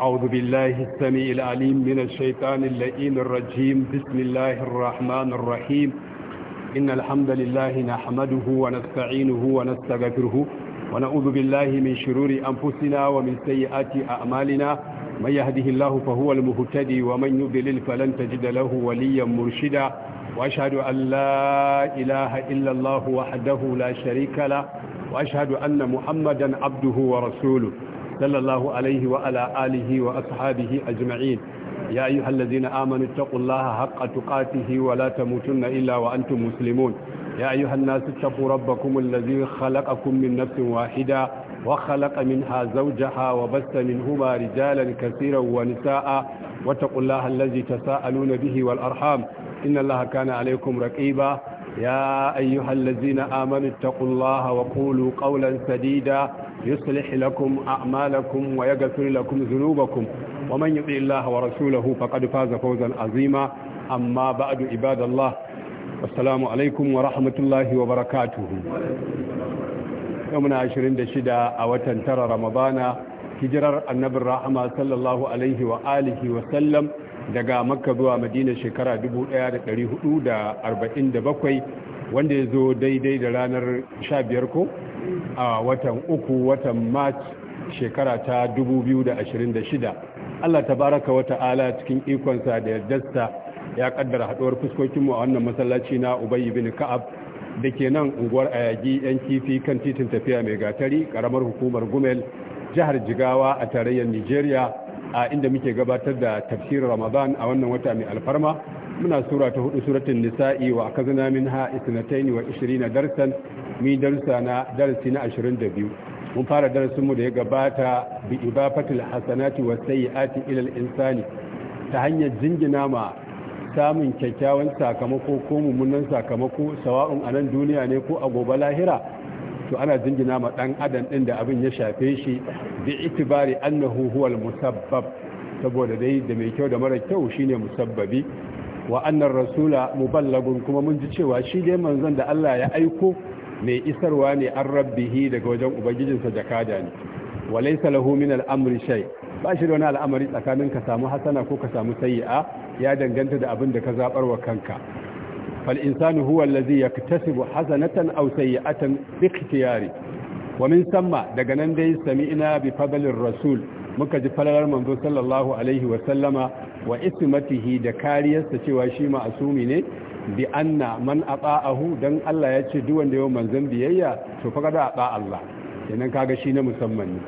أعوذ بالله السميع العليم من الشيطان اللئيم الرجيم بسم الله الرحمن الرحيم إن الحمد لله نحمده ونستعينه ونستغفره ونعوذ بالله من شرور أنفسنا ومن سيئات أعمالنا من يهده الله فهو المهتدي ومن يضلل فلن تجد له وليا مرشدا وأشهد أن لا إله إلا الله وحده لا شريك له وأشهد أن محمدا عبده ورسوله sallallahu alaihi wa ala alihi wa ashabihi ajma'in ya ayyuhal ladzina amanu taqullaha haqqa wala wa la tamutunna illa wa antum muslimun ya ayyuhan nasu taqu rabbakum alladhi khalaqakum min nafsin wahida wa khalaqa minha zawjaha wa basta minhuma rijalan katiran wa nisaa'a wa taqullaha alladhi tasaaluna bihi wal arham innallaha kana alaykum raqiba ya ayyuhal ladzina amanu taqullaha wa qulu qawlan sadida يصلح لكم أعمالكم ويغفر لكم ذنوبكم ومن يطع الله ورسوله فقد فاز فوزا عظيما أما بعد عباد الله والسلام عليكم ورحمة الله وبركاته يومنا عشرين دشدا أوتن ترى رمضان hijirar annabin rahama sallallahu alaihi wa alihi wa sallam daga makka zuwa madina shekara 1447 wanda ya zo daidai da ranar 15 ko a watan uku watan march shekara ta 2026 allah ta baraka wa ta'ala cikin ikonsa da yardarsa ya kaddara haduwar fuskokinmu a wannan masallaci na ubayi bin ka'ab da ke nan unguwar ayagi yan kifi kan titin tafiya mai gatari karamar hukumar gumel jihar jigawa a tarayyar nigeria a inda muke gabatar da tafsirin ramadan a wannan wata mai alfarma muna sura ta hudu suratun nisa'i wa kazana minha isnatayn wa na darsan mi darsa na darsi na ashirin da biyu mun fara darasin mu da ya gabata bi ibafatil hasanati was sayyiati ila al insani ta hanyar jingina ma samun kyakkyawan sakamako ko mummunan sakamako sawa'un a nan duniya ne ko a gobe lahira to ana jingina ma dan adam din da abin ya shafe shi bi itibari annahu huwal musabbab saboda dai da mai kyau da mara kyau shine musabbabi wa annar rasula muballagun kuma mun ji cewa shi dai manzon da Allah ya aiko mai isarwa ne an rabbihi daga wajen ubangijinsa jakada ne wa laysa lahu min al-amri shay ba shi da wani al'amari tsakanin ka samu hasana ko ka samu sayyi'a ya danganta da abin da ka zabar wa kanka fal insanu huwa allazi yaktasibu hasanatan aw sayyi'atan bi ikhtiyari wa min samma daga nan dai sami'na bi fadlir rasul muka ji falalar manzo sallallahu alaihi wa sallama wa ismatihi da kariyarsa cewa shi ma'asumi ne bi anna man ata'ahu dan Allah ya ce duk wanda yau manzon biyayya to fa kada ata Allah kenan kaga shi na musamman ne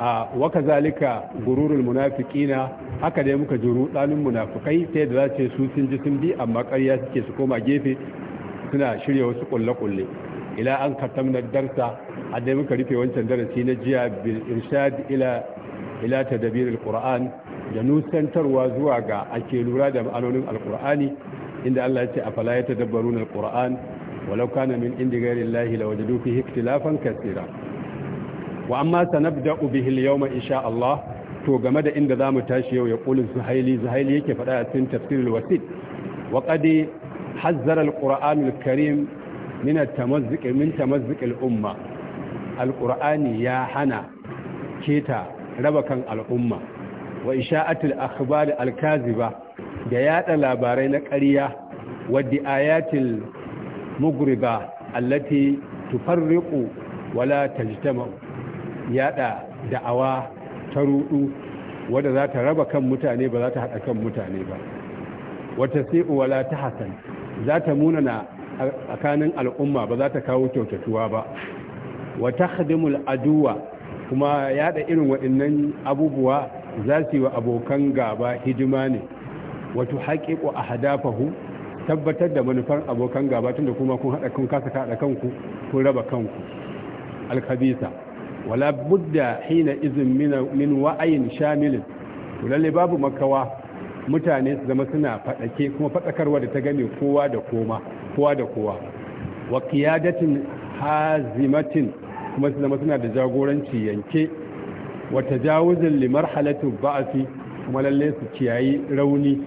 a wa kazalika gururul munafiqina haka dai muka juru rudanin munafikai sai da zace su sun ji sun bi amma ƙarya suke su koma gefe suna shirya wasu ƙulle kulle ila an katamna darsa hadda muka rufe wancan darasi na jiya bil irshad ila ila tadabir alquran da nusantarwa zuwa ga ake lura da ma'anonin alqurani inda Allah ya ce afala yatadabbaruna alquran walau kana min indi ghayri allahi lawajadu fihi ikhtilafan kaseera wa amma sanabda'u bihi alyawma insha Allah to game da inda zamu tashi yau ya qulu zuhaili zuhaili yake faɗa a cikin tafsirul wasit wa qad hazzara alquranul karim min tamazzuqi min umma Alƙur'ani ya hana keta raba kan al'umma wa isha'atul akhbar alkaziba da yada labarai na ƙarya wa di'ayatil mugriba allati tufarriqu wala tajtama yada da'awa ta rudu wadda za ta raba kan mutane ba za ta haɗa kan mutane ba wata sai'u wala ta hasan za ta munana tsakanin al'umma ba za ta kawo kyautatuwa ba wa hadimul aduwa kuma yada irin waɗannan abubuwa za su yi wa abokan gaba hidima ne wato haƙiƙo a hadafahu tabbatar da manufar abokan gaba tunda kuma kun haɗa kun kasa haɗa kanku kun raba kanku alkabisa wala budda hina izin min wa'ayin shamilin lalle babu makawa mutane su zama suna faɗake kuma faɗakarwa da ta game kowa da koma kowa da kowa wa kiyadatin hazimatin kuma su zama suna da jagoranci yanke wa tajawuzin li ba'asi, ba'fi kuma lalle su kiyayi rauni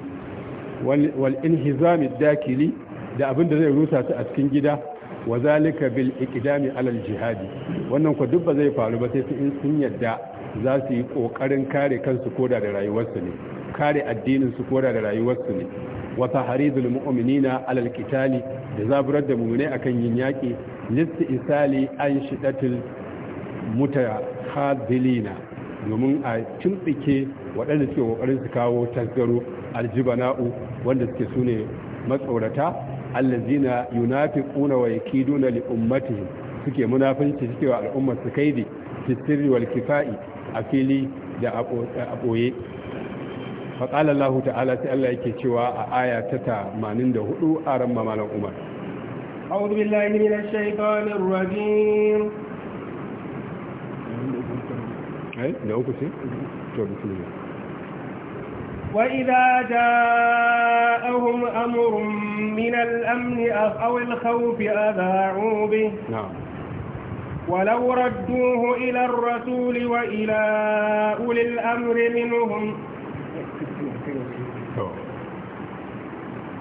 wal inhizami dakili da abin da zai rusa su a cikin gida wa zalika bil iqdami alal jihadi wannan ko duk ba zai faru ba sai su in sun yadda za su yi kokarin kare kansu koda da rayuwarsu ne kare addinin su kora da rayuwarsu ne wa tahridul mu'minina alal qitali da zaburar da mu'mine akan yin yaki lissu isali an shidatil hadilina domin a tumbike waɗanda suke kokarin su kawo tasgaro aljibana'u wanda suke sune matsaurata allazina yunafiquna wa yakiduna li ummatihim suke munafinci suke wa al'ummar su kaidi fi sirri wal kifa'i a fili da a فقال الله تعالى sai Allah yake آية تتا ما ta tamanin ما لو أمر أعوذ بالله من الشيطان الرجيم وإذا جاءهم أمر من الأمن أو الخوف أذاعوا به نعم ولو ردوه إلى الرسول وإلى أولي الأمر منهم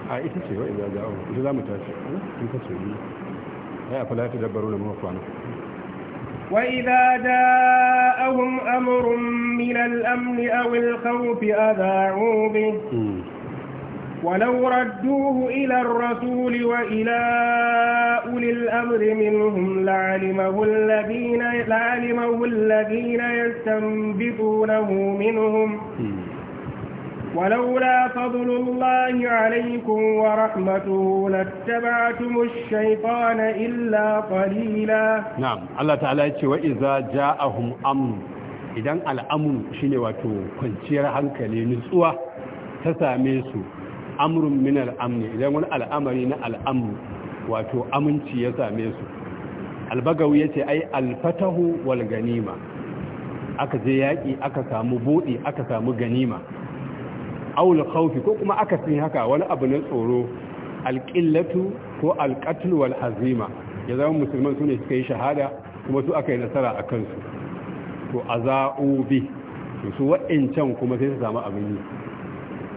a ita ce wa'in zaga abu ita za mu tashi in ka ce yi ya fi lati dabbaru da mafana وإذا جاءهم أمر من الأمن أو الخوف أذاعوا به ولو ردوه إلى الرسول وإلى أولي الأمر منهم لعلمه الذين, لعلمه الذين يستنبطونه منهم م. ولولا فضل الله عليكم ورحمته Allah الشيطان إلا قليلا نعم الله تعالى يقول وإذا جاءهم أمر idan al'amun shine wato kwanciyar hankali nutsuwa ta same su amrun min al'amni idan wani al'amari na al'amu wato aminci ya same su albagawu ya ce ai alfatahu wal ganima aka je yaƙi aka samu buɗi aka samu ganima aula khawfi ko kuma aka akasin haka wani abu na tsoro alqillatu ko alqatl wal hazima ya zama musulman sune suka yi shahada kuma su aka yi nasara a kansu to azau bi su wa'incan kuma sai su samu abin yi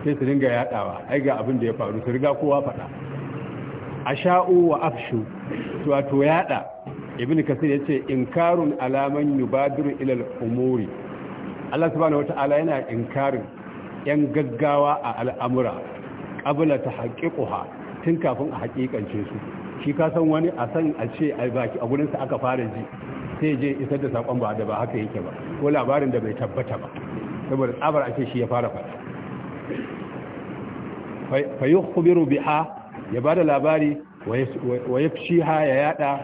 sai su dinga yadawa ai ga abin da ya faru su riga kowa faɗa asha'u wa afshu to wato yada ibn kasir yace inkarun alaman yubadiru ila al-umuri Allah subhanahu wata'ala yana inkarin 'yan gaggawa a al'amura ƙabula ta haƙiƙuwa tun kafin a haƙiƙance su shi ka san wani a san a ce a baki a gurinsa aka fara ji sai je isar da saƙon ba da ba haka yake ba ko labarin da bai tabbata ba saboda tsabar ake shi ya fara faɗa fa yi ya ba da labari wa ya fi ya yada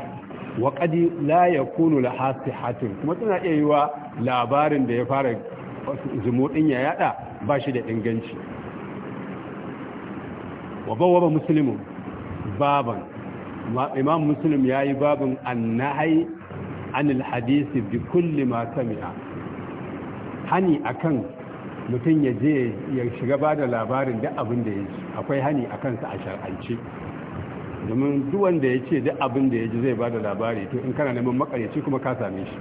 wa kadi la ya kunu la hasihatin kuma tana iya yi wa labarin da ya fara zumuɗin ya yada ba shi da inganci wa bawaba baban imam muslim ya yi babin annahai anil hadisi bi kulli ma sami'a hani akan mutum ya je ya shiga ba da labarin da abin da ya ji akwai hani a kansa a shar'ance domin duk wanda ya ce duk abin da ya ji zai ba da labari to in kana neman makaryaci kuma ka same shi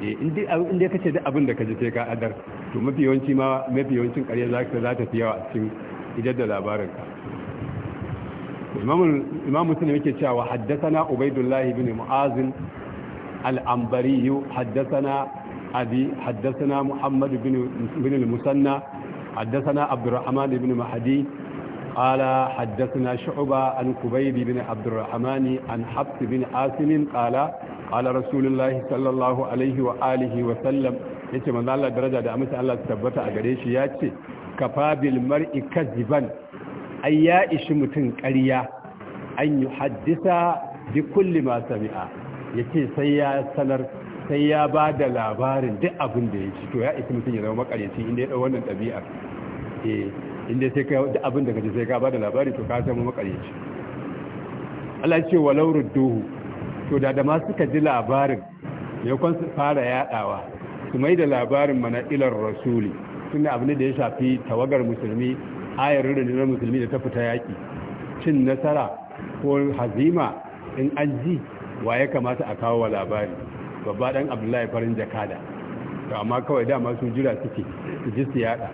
Eh, in ka ce duk abin da ka ji sai ka adar to mafi yawanci ma mafi yawancin karye za ka za ta fi yawa a cikin idar da labarin ka imam muslim yake cewa haddathana ubaidullah ibn al'ambari yi haddasa na abi haddathana muhammad ibn ibn al-musanna abdurrahman ibn mahdi قال حدثنا شعبة عن كبير بن عبد الرحمن عن حفص بن عاصم قال ala rasulullahi sallallahu alaihi wa alihi wa sallam yace manzo Allah daraja da amince Allah tabbata a gare shi yace kafa bil mar'i kadiban ai ya ishi mutun ƙarya an yuhaddisa bi kulli ma sami'a yace sai ya sanar sai ya ba da labarin duk abin da ya ci to ya isi mutum ya zama makaryaci inda ya ɗau wannan ɗabi'ar eh inda sai ka da abin da kaje sai ka ba da labari to ka zama makaryaci Allah ya ce walau rudduhu to da da ma suka ji labarin yakon su fara yaɗawa, su mai da labarin mana ilar rasuli tun da abin da ya shafi tawagar musulmi ayar rundunar musulmi da ta fita yaƙi cin nasara ko hazima in an ji wa ya kamata a kawo wa labari babba dan abdullahi farin jakada to amma kawai dama masu jira suke su ji su yada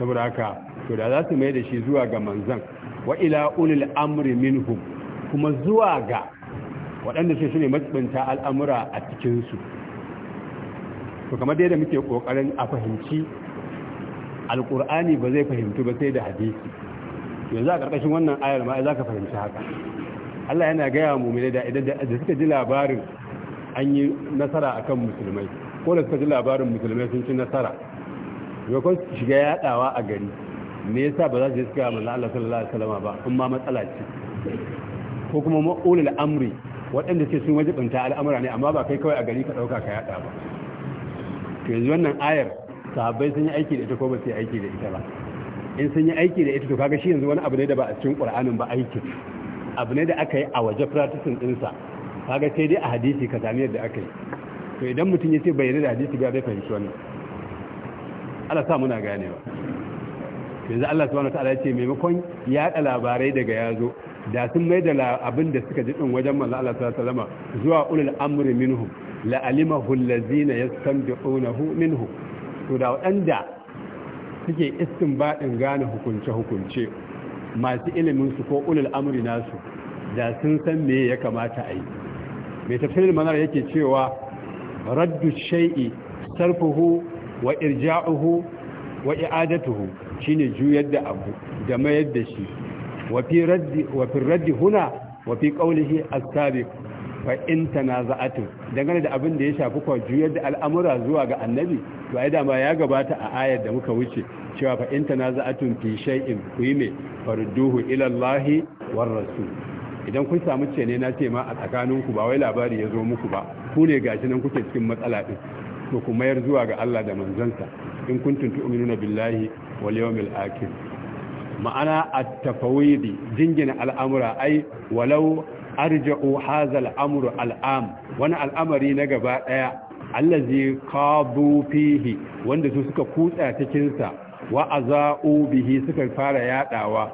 saboda haka to da za su mai da shi zuwa ga manzan wa ila ulil amri minhum kuma zuwa ga waɗanda sai su ne matsibinta al'amura a cikinsu to kamar dai da muke ƙoƙarin a fahimci alƙur'ani ba zai fahimtu ba sai da hadisi yanzu a ƙarƙashin wannan ayar ma za ka fahimci haka Allah yana gaya mu da idan da suka ji labarin an yi nasara a kan musulmai ko da suka ji labarin musulmai sun ci nasara su shiga yaɗawa a gari me yasa ba za su yi suka manzo Allah sallallahu alaihi wasallama ba in ma matsala ce ko kuma ma'ulul amri waɗanda sai sun wajibinta al'amura ne amma ba kai kawai a gari ka ɗauka ka yaɗa ba to yanzu wannan ayar sahabbai sun yi aiki da ita ko ba su yi aiki da ita ba in sun yi aiki da ita to kaga shi yanzu wani abu ne da ba a cikin qur'anin ba aiki abu ne da aka yi a waje practicing ɗinsa kaga sai dai a hadisi ka sami yadda aka yi to idan mutum ya ce bai yarda da hadisi ba zai fahimci wannan Allah sa muna ganewa yanzu Allah subhanahu wa ta'ala ya ce maimakon yaɗa labarai daga yazo da sun mai da abin da suka ji din wajen manzo Allah sallallahu alaihi zuwa ulul amri minhum la alimahu allazina yastanbi'unahu minhum to da wanda suke istinbadin gane hukunce hukunce masu ilimin su ko ulul amri nasu da sun san me ya kamata a yi mai tafsirin manar yake cewa raddu shay'i sarfuhu wa irja'uhu wa i'adatuhu shine juyar da abu da mayar da shi وفي رد وفي الرد هنا وفي قوله السابق فان تنازعت na dangane da abin da ya shafi kwa juyar da al'amura zuwa ga annabi to ai dama ya gabata a ayar da muka wuce cewa fa in na fi shay'in ku farduhu mai Allah ilallahi war rasul idan kun samu ce ne na ce ma a tsakanin ku ba wai labari ya zo muku ba ku ne gashi nan kuke cikin matsala din to ku mayar zuwa ga Allah da manzansa in kuntum tu'minuna billahi wal yawmil akhir ma'ana at-tafawidi jingina al'amura ai walau arja'u hadha al-amru al-am wani al'amari na gaba daya allazi kabu fihi wanda su suka kutsa cikin sa wa aza'u bihi suka fara yadawa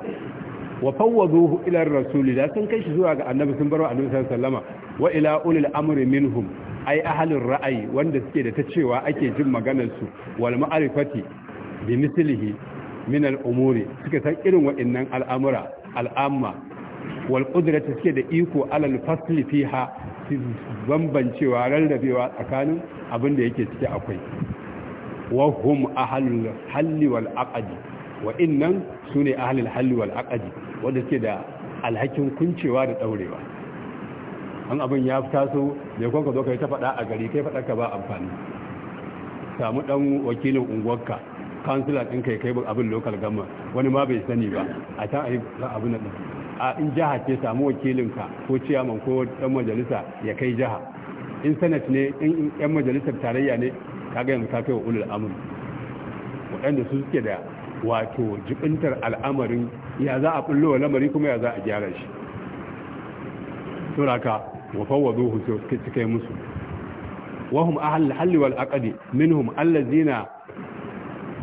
wa fawwaduhu ila ar-rasul da sun kai shi zuwa ga annabi sun barwa annabi sallallahu alaihi wasallama wa ila ulil amri minhum ai ahalin ra'ayi wanda suke da ta cewa ake jin maganar su wal ma'rifati bi mislihi min al'umuri suke san irin waɗannan al'amura al'amma wal suke da iko alal fasli fiha su bambancewa rarrabewa tsakanin abin da yake ciki akwai wahum a halli wal aqdi wa innan sune ahalul halli wal aqdi wanda suke da alhakin kuncewa da ɗaurewa. an abin ya taso da kun zo kai ta faɗa a gari kai fada ka ba amfani samu ɗan wakilin unguwarka kansila din kai kai abin local gama wani ma bai sani ba a can a yi abin nan a in jiha ce samu wakilinka ko ciyaman ko dan majalisa ya kai jiha in sanat ne in yan majalisar tarayya ne kaga yanzu ka kai wa ulul amr waɗanda su suke da wato jibintar al'amarin ya za a bullo lamari kuma ya za a gyara shi suraka wa fawwadu hu suke musu wahum ahal halli wal aqdi minhum allazina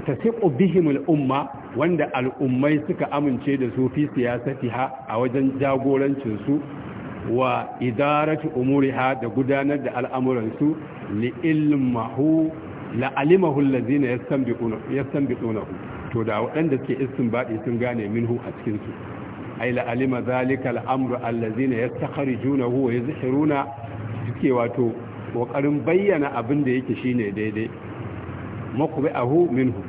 tasiqu bihim al-umma wanda al'ummai suka amince da su fi siyasatiha a wajen jagorancin su wa idaratu umuriha da gudanar da al'amuran su li ilmahu la alimahu allazina yastanbiquna yastanbiquna to da waɗanda suke istinbadi sun gane minhu a cikin su ay la alima zalika al-amru allazina yastakhrijunahu wa yuzhiruna suke wato kokarin bayyana abin da yake shine daidai makubi ahu minhu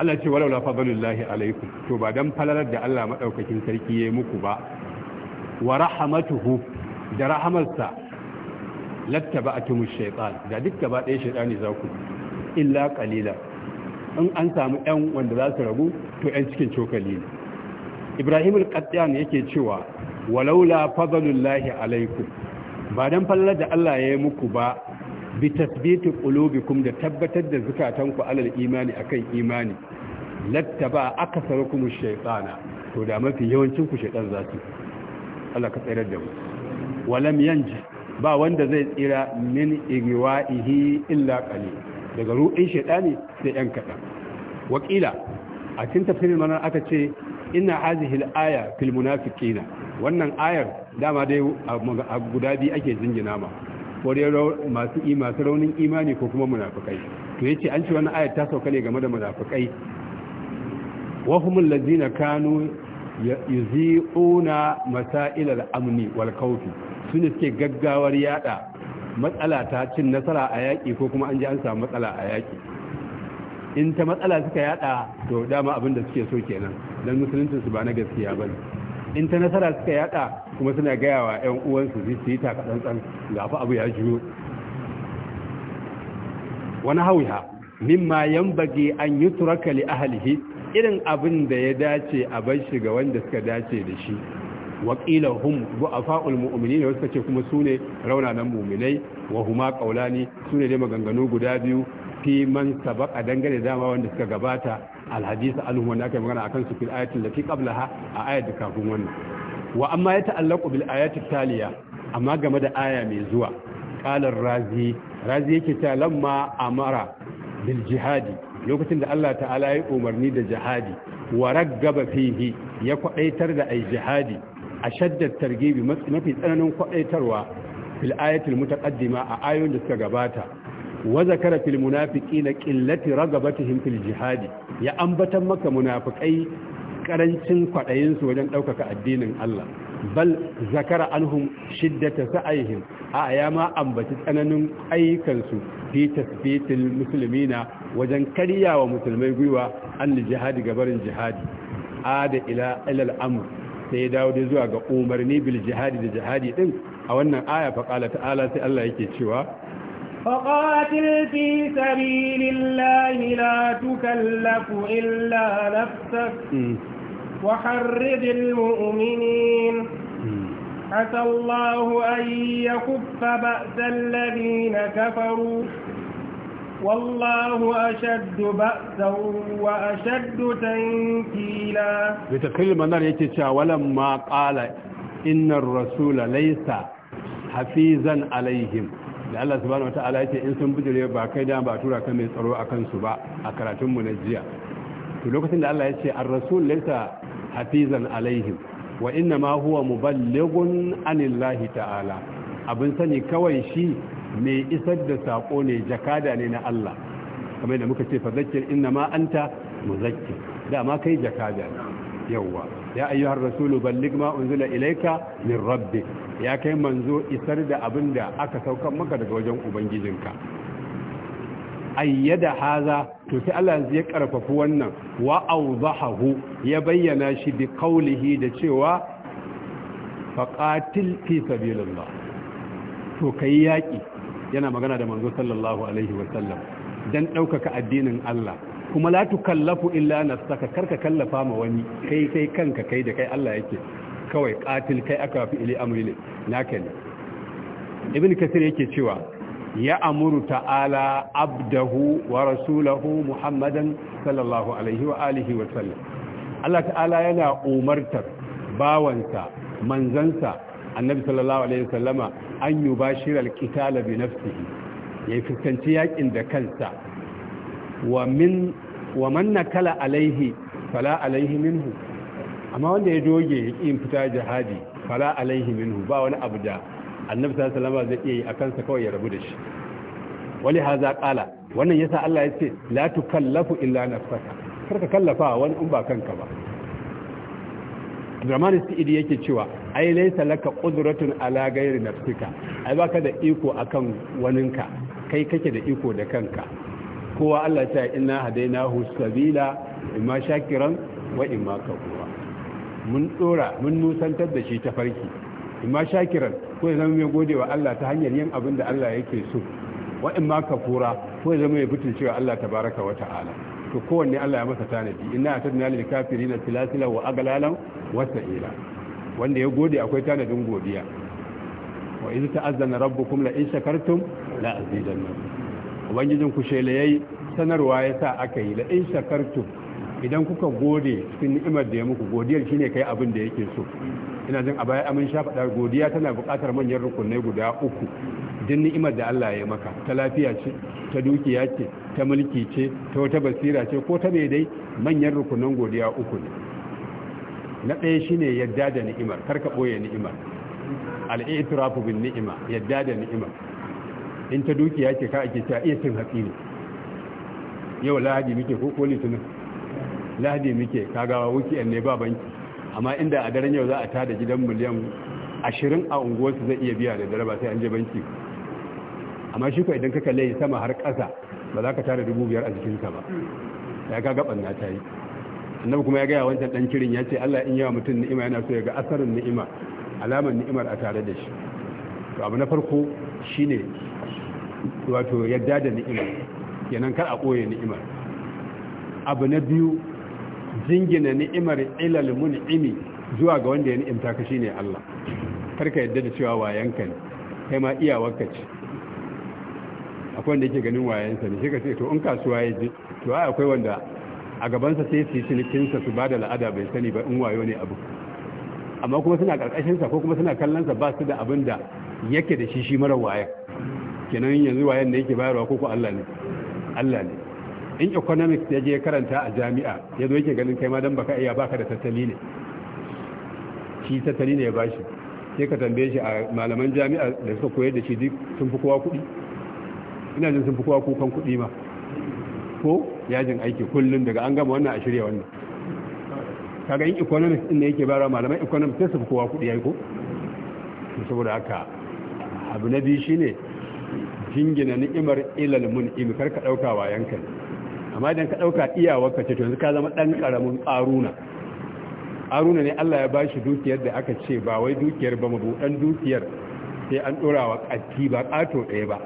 Allah ce walaula fadlullahi alaikum to ba dan falalar da Allah madaukakin sarki yayi muku ba wa rahmatuhu da rahamarsa lattaba'atumu shaytan da duk gaba ɗaya shaytani za ku illa qalila in an samu ɗan wanda za su ragu to ɗan cikin cokali ne Ibrahim al-Qaddan yake cewa walaula fadlullahi alaikum ba dan falalar da Allah yayi muku ba bi tasbiti qulubikum da tabbatar da zukatanku alal imani akan imani lattaba kuma shaytana to da mafi yawancin ku shaytan zaki Allah ka tsayar da mu walam yanji ba wanda zai tsira min igwaihi illa qali daga ru'in shaytani sai yan kadan Wakila, a cikin tafsirin manar aka ce inna hazihi al-aya fil munafiqina wannan ayar dama dai guda biyu ake jingina ma masu masu raunin imani ko kuma munafikai to yace an ce wannan ayat ta sauka ne game da munafikai wa humul ladzina kanu yuzi'una masail al-amni wal khawf sune suke gaggawar yada matsala ta cin nasara a yaƙi ko kuma an ji an samu matsala a yaƙi in ta matsala suka yada to dama abin da suke so kenan dan musulunci su ba na gaskiya bane in ta nasara suka yada kuma suna gaya wa 'yan uwansu su yi ɗan-tsan ga fa abu ya juyo wani hauya mimma bage an yi turakali a halihi irin abin da ya dace a bar shi ga wanda suka dace da shi waƙila hum du'afa'ul mu'minin wasu ce kuma su ne raunanan mu'minai wa huma qaulani su ne dai maganganu guda biyu fi man sabaqa dangane dama wanda suka gabata alhadisa alhum wanda aka yi magana kan su fil da lati qablaha a ayat da kafin wannan wa amma ya ta'allaku bil ayati taliya amma game da aya mai zuwa Ƙalar razi razi yake ta lamma amara bil jihadi lokacin da Allah ta'ala ya umarni da jihadi wa raggaba fihi ya kwaɗaitar da ai jihadi a ashaddat targibi mafi tsananin kwaɗaitarwa fil ayatil mutaqaddima a ayoyin da suka gabata wa zakara fil munafiqina qillati ragabatihim fil jihad ya ambatan maka munafikai karancin kwadayin wajen ɗaukaka addinin Allah bal zakara anhum shiddata sa'ihim a ya ma ambaci tsananin ayyukan su fi tasbitil muslimina wajen wa musulmai gwiwa an jihadi gabarin jihadi ada ila ilal amr sai ya dawo dai zuwa ga umarni bil jihadi da jihadi din a wannan aya fa qala ta'ala sai Allah yake cewa فقاتل في سبيل الله لا تكلف إلا نفسك وحرد المؤمنين عسى الله أن يكف بأس الذين كفروا والله أشد بأسا وأشد تنكيلا بتقرير منار يتشع ولما قال إن الرسول ليس حفيظا عليهم da Allah subhanahu wataala yake in sun bijire ba kai da ba tura ka mai tsaro a kansu ba a karatun mu na jiya to lokacin da Allah ya ce an rasul laysa hafizan alaihim wa inna ma huwa muballighun anillahi ta'ala abin sani kawai shi mai isar da sako ne jakada ne na Allah kamar da muka ce fa zakkir inna ma anta muzakkir dama kai jakada ne yawwa ya ayyuhar rasulu ballig ma unzila ilaika min rabbi ya kai manzo isar da abin da aka saukan maka daga wajen ubangijinka ayyada haza to sai Allah ya karfafi wannan wa awdahu ya bayyana shi bi qawlihi da cewa faqatil fi sabilillah to kai yaki yana magana da manzo sallallahu alaihi wa sallam dan daukaka addinin Allah kuma la tukallafu illa nafsaka karka kallafa ma wani kai sai kanka kai da kai Allah yake kawai qatil kai aka fi ili amri ne naka ne ibn kasir yake cewa ya amuru ta'ala abdahu wa rasulahu muhammadan sallallahu alaihi wa alihi wa sallam Allah ta'ala yana umartar bawansa manzansa annabi sallallahu alaihi wa sallama an yubashira alqitala bi nafsihi yayi fuskanci yakin da kansa wa min wa man nakala alaihi fala alaihi minhu amma wanda ya doge ya ƙi fita jihadi fala alaihi minhu ba wani abu da annabi sallallahu alaihi zai iya yi a kansa kawai ya rabu da shi wali haza qala wannan yasa Allah ya ce la tukallafu illa nafsaka karka kallafa wani in ba kanka ba Abdurrahman Sa'idi yake cewa ai laysa laka qudratun ala ghairi nafsika ai baka da iko akan waninka kai kake da iko da kanka kowa Allah ta ina hadainahu sabila imma shakiran wa imma kafura mun dora mun nusantar da shi ta farki imma shakiran ko ya zama mai godewa Allah ta hanyar yin abin da Allah yake so wa imma kafura ko ya zama mai cewa Allah tabaraka wa ta'ala to kowanne Allah ya masa tanadi inna atadna lil kafirin silasila wa aglalan wa sa'ila wanda ya gode akwai tanadin godiya wa iz ta'azzana rabbukum la in shakartum la azidannakum ubangijin ku shela yayi sanarwa yasa aka yi la in shakartu idan kuka gode cikin ni'imar da ya muku godiyar shine kai abin da yake so ina jin a baya amin sha faɗa godiya tana buƙatar manyan rukunai guda uku din ni'imar da Allah ya maka ta lafiya ce ta dukiya ce ta mulki ce ta wata basira ce ko ta dai manyan rukunan godiya uku ne na ɗaya shine yadda da ni'imar karka ɓoye ni'imar al'itirafu bin ni'ima yadda da ni'imar in ta dukiya ce ka ake ta iya cin hatsi ne yau lahadi muke ko ko litinin lahadi muke kagawa wukiyar ne ba banki amma inda a daren yau za a tada gidan miliyan ashirin a unguwarsu zai iya biya da dare ba sai an je banki amma shi idan ka kalle sama har ƙasa ba za ka tara dubu biyar a jikinka ba ya ka gaban na ta yi annabi kuma ya gaya wancan dan kirin ya ce Allah in yawa mutum ni'ima yana so ya ga asarin ni'ima alamar ni'imar a tare da shi to abu na farko shine wato yadda da ni'imar kenan kar a koye ni'imar abu na biyu jingina ni'imar ilal mun'imi zuwa ga wanda ya ni'imta ka shine Allah karka yadda da cewa wayanka ne kai ma iya wanka ce akwai wanda yake ganin wayansa ne shi ka ce to in kasuwa ya je to ai akwai wanda a gabansa sai su yi cinikinsa su ba da la'ada bai sani ba in wayo ne abu amma kuma suna sa ko kuma suna kallonsa ba su da abin da yake da shi shi mara wayan kenan yanzu wayan da yake bayarwa ko ko Allah ne Allah ne in economics ya je karanta a jami'a yanzu yake ganin kai ma dan baka iya baka da tattali ne shi tattali ne ya bashi sai ka tambaye shi a malaman jami'a da suka koyar da shi duk sun fi kowa kuɗi ina jin sun fi kowa kukan kuɗi ma ko yajin aiki kullum daga an gama wannan a shirya wannan kaga in economics din ne yake bayarwa malaman economics sai su fi kowa kuɗi ai ko saboda haka abu na biyu shine jingina ni'imar ilal mun'im kar ka dauka wayanka amma idan ka dauka ka ce to yanzu ka zama ɗan karamin aruna aruna ne Allah ya bashi dukiyar da aka ce ba wai dukiyar ba dan dukiyar sai an dora wa katti ba kato ɗaya ba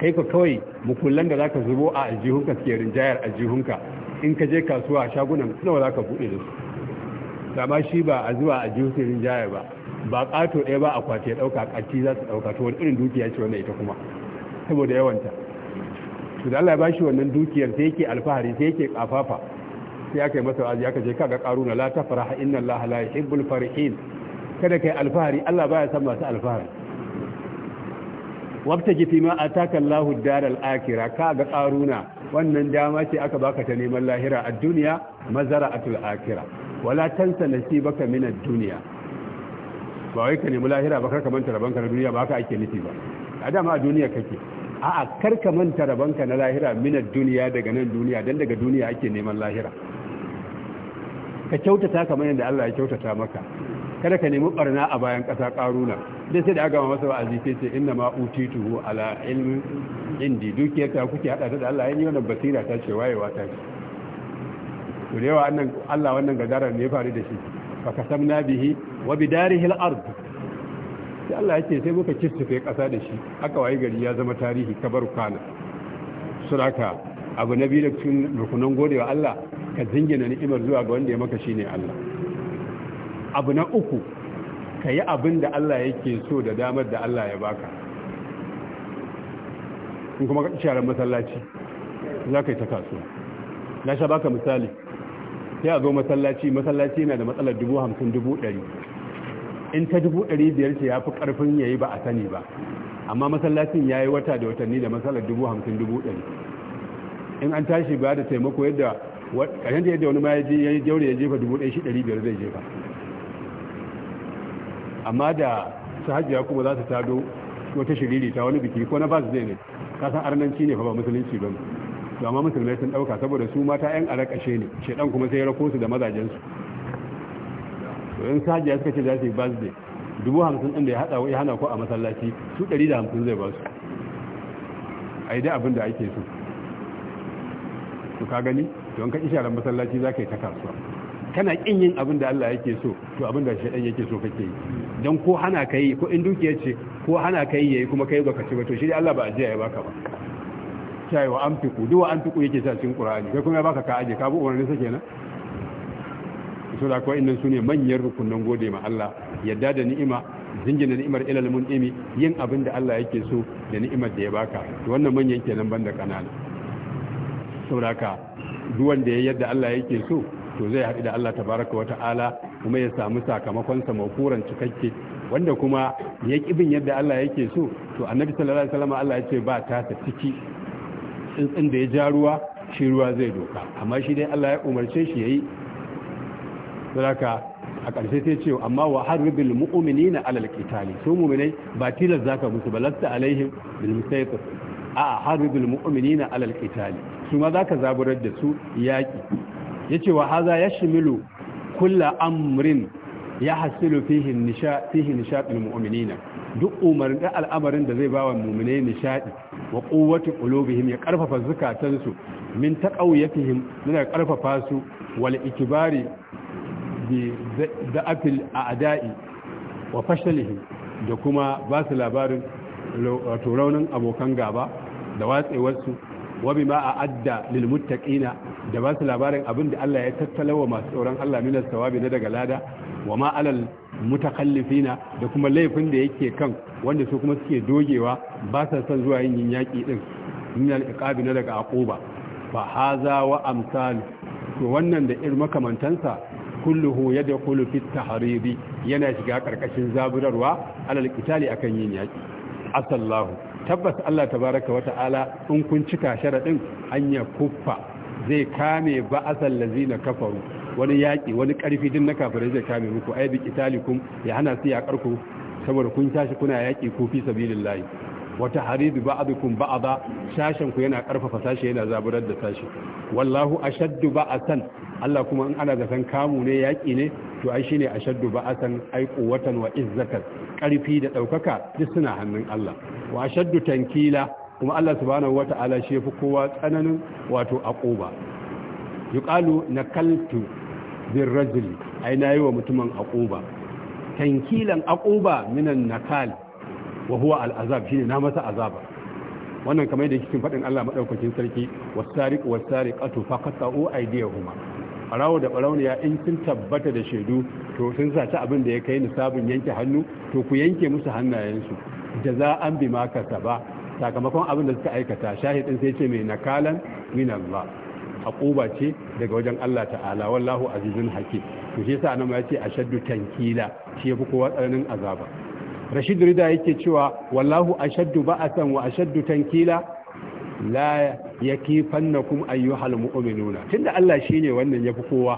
kai ka kawai mukullan da zaka zubo a aljihunka ke rinjayar aljihunka in ka je kasuwa shagunan nawa zaka buɗe da su amma shi ba a zuwa aljihunka rinjaya ba ba ƙato ɗaya ba a akwati ya ɗauka ƙarfi za su ɗauka to wani irin dukiya ce wannan ita kuma saboda yawanta to da Allah ya bashi wannan dukiyar sai yake alfahari sai yake kafafa sai aka yi masa wa'azi aka je kaga karuna la tafraha inna Allah la yuhibbul farihin kada kai alfahari Allah baya san masu alfahari wabtaji fi ma ataka Allahu daral akhirah kaga karuna wannan dama ce aka baka ta neman lahira a duniya mazara'atul akhirah wala tansa nasibaka min ad-dunya ba wai ka nemi lahira ba karka manta manta ka na duniya ba haka ake nufi ba a dama a duniya kake a a karka manta rabon ka na lahira minar duniya daga nan duniya dan daga duniya ake neman lahira ka kyautata kamar yadda Allah ya kyautata maka kada ka nemi barna a bayan ƙasa ƙaruna dai sai da aka masa wa'azi sai ce inna ma utituhu ala ilmin indi dukiyar ta kuke hada ta da Allah ya yi wannan basira ta ce wayewa ta ce to da yawa Allah wannan gadara ne ya faru da shi fakasamna bihi wa bidarihi al-ard sai Allah yake sai muka kissufe kasa da shi aka waye gari ya zama tarihi kabar kana suraka abu na biyu da cikin rukunan godewa Allah ka zingina ni'imar zuwa ga wanda ya maka shine Allah abu na uku ka abin da Allah yake so da damar da Allah ya baka in kuma ka sharar masallaci za ka yi ta kasuwa na sha baka misali sai a zo masallaci masallaci yana da matsalar dubu hamsin dubu ɗari in ta dubu ɗari biyar ce ya fi ƙarfin ya yi ba a sani ba amma masallacin ya yi wata da watanni da matsalar dubu hamsin dubu ɗari in an tashi ba da taimako yadda ƙarshen da yadda wani ma ya jaure ya jefa dubu ɗaya shi ɗari biyar zai jefa amma da sahajiya kuma za su tado wata shiriri ta wani biki ko na ba su zai ne kasan arnanci ne fa ba musulunci ba to amma musulmai sun dauka saboda su mata yan alakashe ne shedan kuma sai ya rako su da mazajen su to in sajiya suka ce za su yi birthday dubu hamsin din da ya hada ya hana ko a masallaci su dari da hamsin zai ba su a yi dai abin da ake so to ka gani to in ka isharar masallaci za ka yi ta kasuwa kana kin yin abin da Allah yake so to abin da shedan yake so kake yi dan ko hana kai ko in dukiya ce ko hana kai yayi kuma kai ka ci ba to shi Allah ba ajiya ya baka ba cewa wa amfiku duk wa amfiku yake sa cikin qur'ani kai kuma baka ka aje ka bi umarnin sa kenan to da kuwa innan sune manyan rukunan gode ma Allah yadda da ni'ima jingina ni'imar ilal mun'imi yin abin da Allah yake so da ni'imar da ya baka wannan manyan kenan banda kanana saboda ka duk wanda ya yadda Allah yake so to zai haɗu da Allah tabaraka wa ta'ala kuma ya samu sakamakon sa makuran cikakke wanda kuma ya bin yadda Allah yake so to annabi sallallahu alaihi wasallam Allah ya ce ba ta ta ciki tsuntsun da ya ja ruwa shi ruwa zai doka amma shi dai Allah ya umarce shi yayi saboda a ƙarshe sai ce amma wa harbil mu'minina alal qitali su mu'minai ba tilas zaka musu balasta alaihim bil musaytir a harbil mu'minina alal qitali su ma zaka zaburar da su yaki yace wa haza yashmilu kulla amrin ya hasilu fihi nisha fihi mu'minina duk umarin da al'amarin da zai bawa mu'mine nishaɗi wa quwwati qulubihim ya karfafa zukatansu min taqawiyatihim muna karfafa su wal ikbari bi da'afil a'da'i wa fashalihim da kuma ba su labarin wato raunin abokan gaba da watsewarsu wa bima a'adda lil muttaqina da ba su labarin abin da Allah ya tattalawa masu tsoron Allah minas sawabi na daga lada wa ma alal mutakallifina da kuma laifin da yake kan wanda su kuma suke dogewa ba sa san zuwa yin yaƙi din min al-iqabi na daga aquba fa haza wa amsal to wannan da irin makamantansa kulluhu yadkhulu fi at-tahridi yana shiga karkashin zaburarwa alal qitali akan yin yaƙi asallahu tabbas Allah tabaraka wa ta'ala in kun cika sharadin hanya kuffa zai kame ba asal lazina kafaru wani yaƙi wani ƙarfi din na kafirai zai kame muku ai biki talikum ya hana su yaƙarku saboda kun tashi kuna yaƙi ko fi wata haridu ba'dukum ba'da sashen ku yana ƙarfafa sashi yana zaburar da sashi wallahu ashaddu ba'atan Allah kuma in ana san kamu ne yaƙi ne to ai shine ashaddu ba'atan ai quwwatan wa izzatan ƙarfi da ɗaukaka duk suna hannun Allah wa ashaddu tankila kuma Allah subhanahu wata'ala shi fi kowa tsananin wato aquba yuqalu nakaltu rajili, ai na yi wa mutumin akuba tankilan akuba minan nakal wa huwa al'azab shine na masa azaba wannan kamar da cikin faɗin Allah madaukakin sarki wasariq wasariqatu faqatu aydiyahuma arawo da ya in sun tabbata da shaidu to sun saci abin da ya kai nisabin yanke hannu to ku yanke musu hannayensu da za an bi ba sakamakon abin da suka aikata shahidin sai ce mai nakalan minallah ba. haƙuba ce daga wajen Allah ta'ala wallahu azizun hakim to shi yasa annabi ya ce ashaddu tankila shi yafi kowa tsananin azaba Rashid Rida yake cewa wallahu ashaddu ba'atan wa ashaddu tankila la yakifannakum ayyuhal mu'minuna tunda Allah shine wannan yafi kowa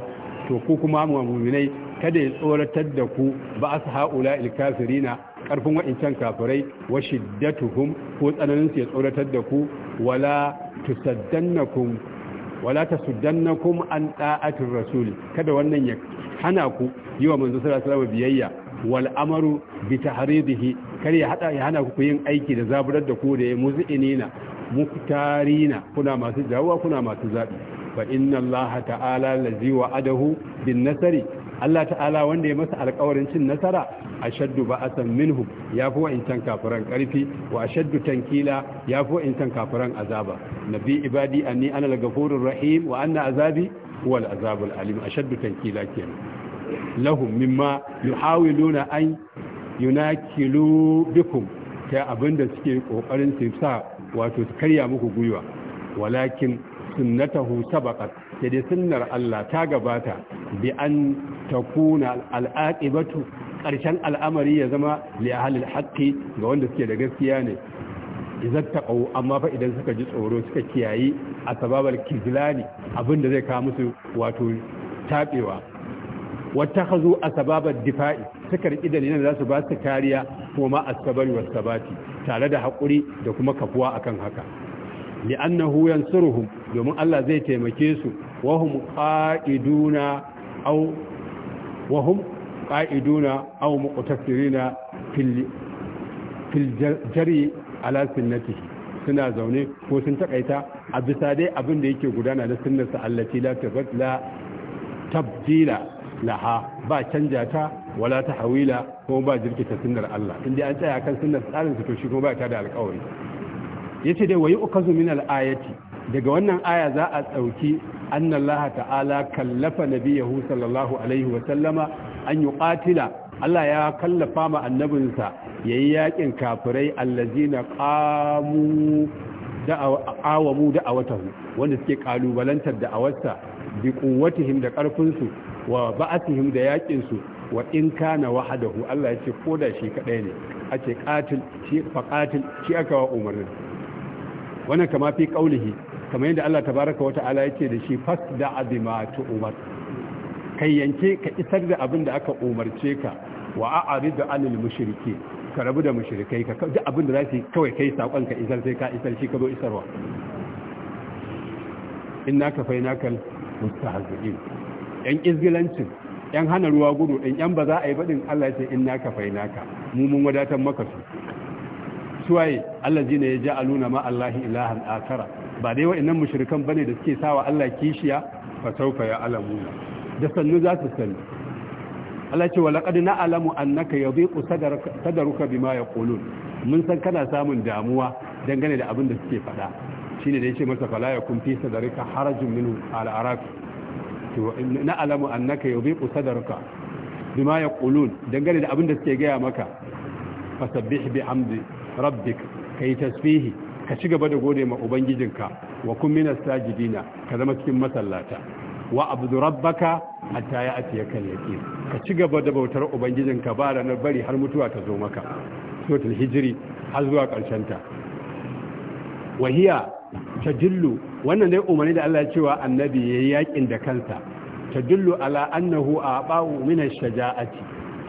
to ku kuma mu'minai kada ya tsoratar da ku ba su ha'ula kafirina karfin wa'incan kafirai wa shiddatuhum ko tsananin su ya tsoratar da ku wala tusaddannakum wala kuma an ta'atir rasul kada wannan ya hana ku yi wa manzo sallallahu alaihi wasallam biyayya wal amaru bi tahridihi kar ya hada ya hana ku yin aiki da zaburar da ku da ya muzinina muktarina kuna masu jawwa kuna masu zabi fa inna allaha ta'ala lazi adahu bin nasari Allah ta'ala wanda ya masa alkawarin cin nasara ashaddu ba'asan minhum ya fi wa'incan kafiran karfi wa ashaddu tankila ya fi wa'incan kafiran azaba nabi ibadi anni ana al-ghafurur rahim wa anna azabi huwa azabul alim ashaddu tankila kenan lahum mimma yuhawiluna an yunakilu bikum ta abinda suke kokarin su sa wato su karya muku gwiwa walakin sunnatahu sabaqat sai dai sunnar Allah ta gabata bi an takuna al'aqibatu ƙarshen al'amari ya zama li ahlil ga wanda suke da gaskiya ne idan taqaw amma fa idan suka ji tsoro suka kiyayi asbabal abin da zai kawo musu wato taɓewa tabewa a sababar difa'i suka riki dalilan da za su ba su kariya kuma wasu sabati tare da haƙuri da kuma kafuwa akan haka li'annahu yansuruhum domin Allah zai taimake su wahum qa'iduna aw wahum ƙa'iduna aw muqtasirina fil fil jari ala sunnatihi suna zaune ko sun takaita a bisa dai abin da yake gudana na sunnarsa allati la tabdila tabdila laha ba canja ta wala tahwila ko ba jirkita sunnar Allah inda an tsaya kan sunnar tsarin su to shi kuma ba ta da alƙawari yace dai wayi ukazu min al daga wannan aya za a tsauki annallaha ta'ala kallafa nabiyahu sallallahu alaihi wa sallama an ƙatila Allah ya kallafa ma annabinsa ya yi yakin kafirai allazina qamu da'awamu da'awatahu wanda suke kalubalantar da'awarsa bi quwwatihim da ƙarfinsu wa ba'atihim da yaƙinsu wa in kana wahdahu Allah ce ko da shi kadai ne ace qatil shi fa shi aka wa umarni wannan kama fi qaulihi kamar yadda Allah wata wa ta'ala yace da shi fasda'a da tu'umar. kai yanke ka isar da abin da aka umarce ka wa da anil mushriki ka rabu da mushrikai ka duk abin da zai kawai kai sakon ka isar sai ka isar shi ka zo isarwa inna inaka mustahzi'in yan izgilancin yan hana ruwa gudu din yan ba za a yi badin Allah ya ce fa inaka mu mun wadatar maka su suwaye allazina yaj'aluna ma Allahi ilahan akara ba dai wa'annan mushrikan bane da suke sawa Allah kishiya fa ya alamuna. da sannu za su sannu Allah ce walaƙad na alamu annaka ya zai sadaruka bima ya kulun mun san kana samun damuwa dangane da abin da suke faɗa ne da ce masa fala kun fi sadarika harajun minhu ala arafi to na alamu annaka ya zai sadaruka bima ya kulun dangane da abin da suke gaya maka fasabbih bi hamdi rabbik kai tasbihi ka ci gaba da gode ma ubangijinka wa kun mina sajidina ka zama cikin masallata wa abdu rabbaka hatta ya ati ya kallake ka ci gaba da bautar ubangijinka ba ranar bari har mutuwa ta zo maka sotul hijiri har zuwa ƙarshen ta wahiya tajillu wannan dai umarni da Allah ya cewa annabi yayi yakin da kansa tajillu ala annahu aba'u min ash-shaja'ati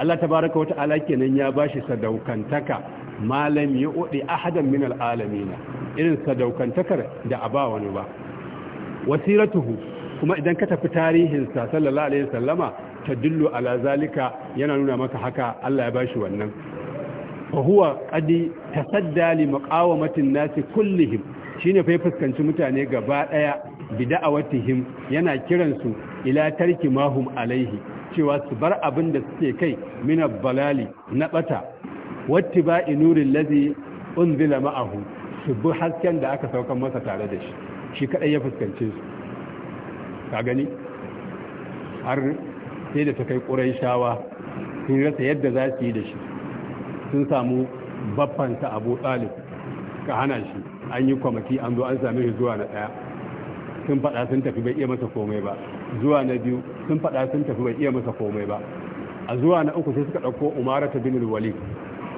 Allah tabaraka wa ta'ala kenan ya bashi sadaukantaka malam ya udi ahadan min al'alamin irin sadaukantakar da aba wani ba wasiratuhu kuma idan ka tafi tarihinsa sallallahu alaihi sallama ta dillo ala zalika yana nuna maka haka Allah ya bashi wannan fa huwa qadi tasadda li muqawamatin nasi kullihim shine fa fuskanci mutane gaba daya bida'awatihim yana kiransu ila tarki mahum alaihi cewa su bar abin da suke kai min balali na bata wattiba'i nurin ladhi unzila ma'ahu su bi hasken da aka saukan masa tare da shi shi kadai ya fuskance su ka gani har sai da ta kai ƙurai shawa sun rasa yadda za su yi da shi sun samu baffanta abu ɗalib ka hana shi an yi kwamaki an zo an sami shi zuwa na ɗaya sun faɗa sun tafi bai iya masa komai ba zuwa na biyu sun faɗa sun tafi bai iya masa komai ba a zuwa na uku sai suka ɗauko umara ta binul wali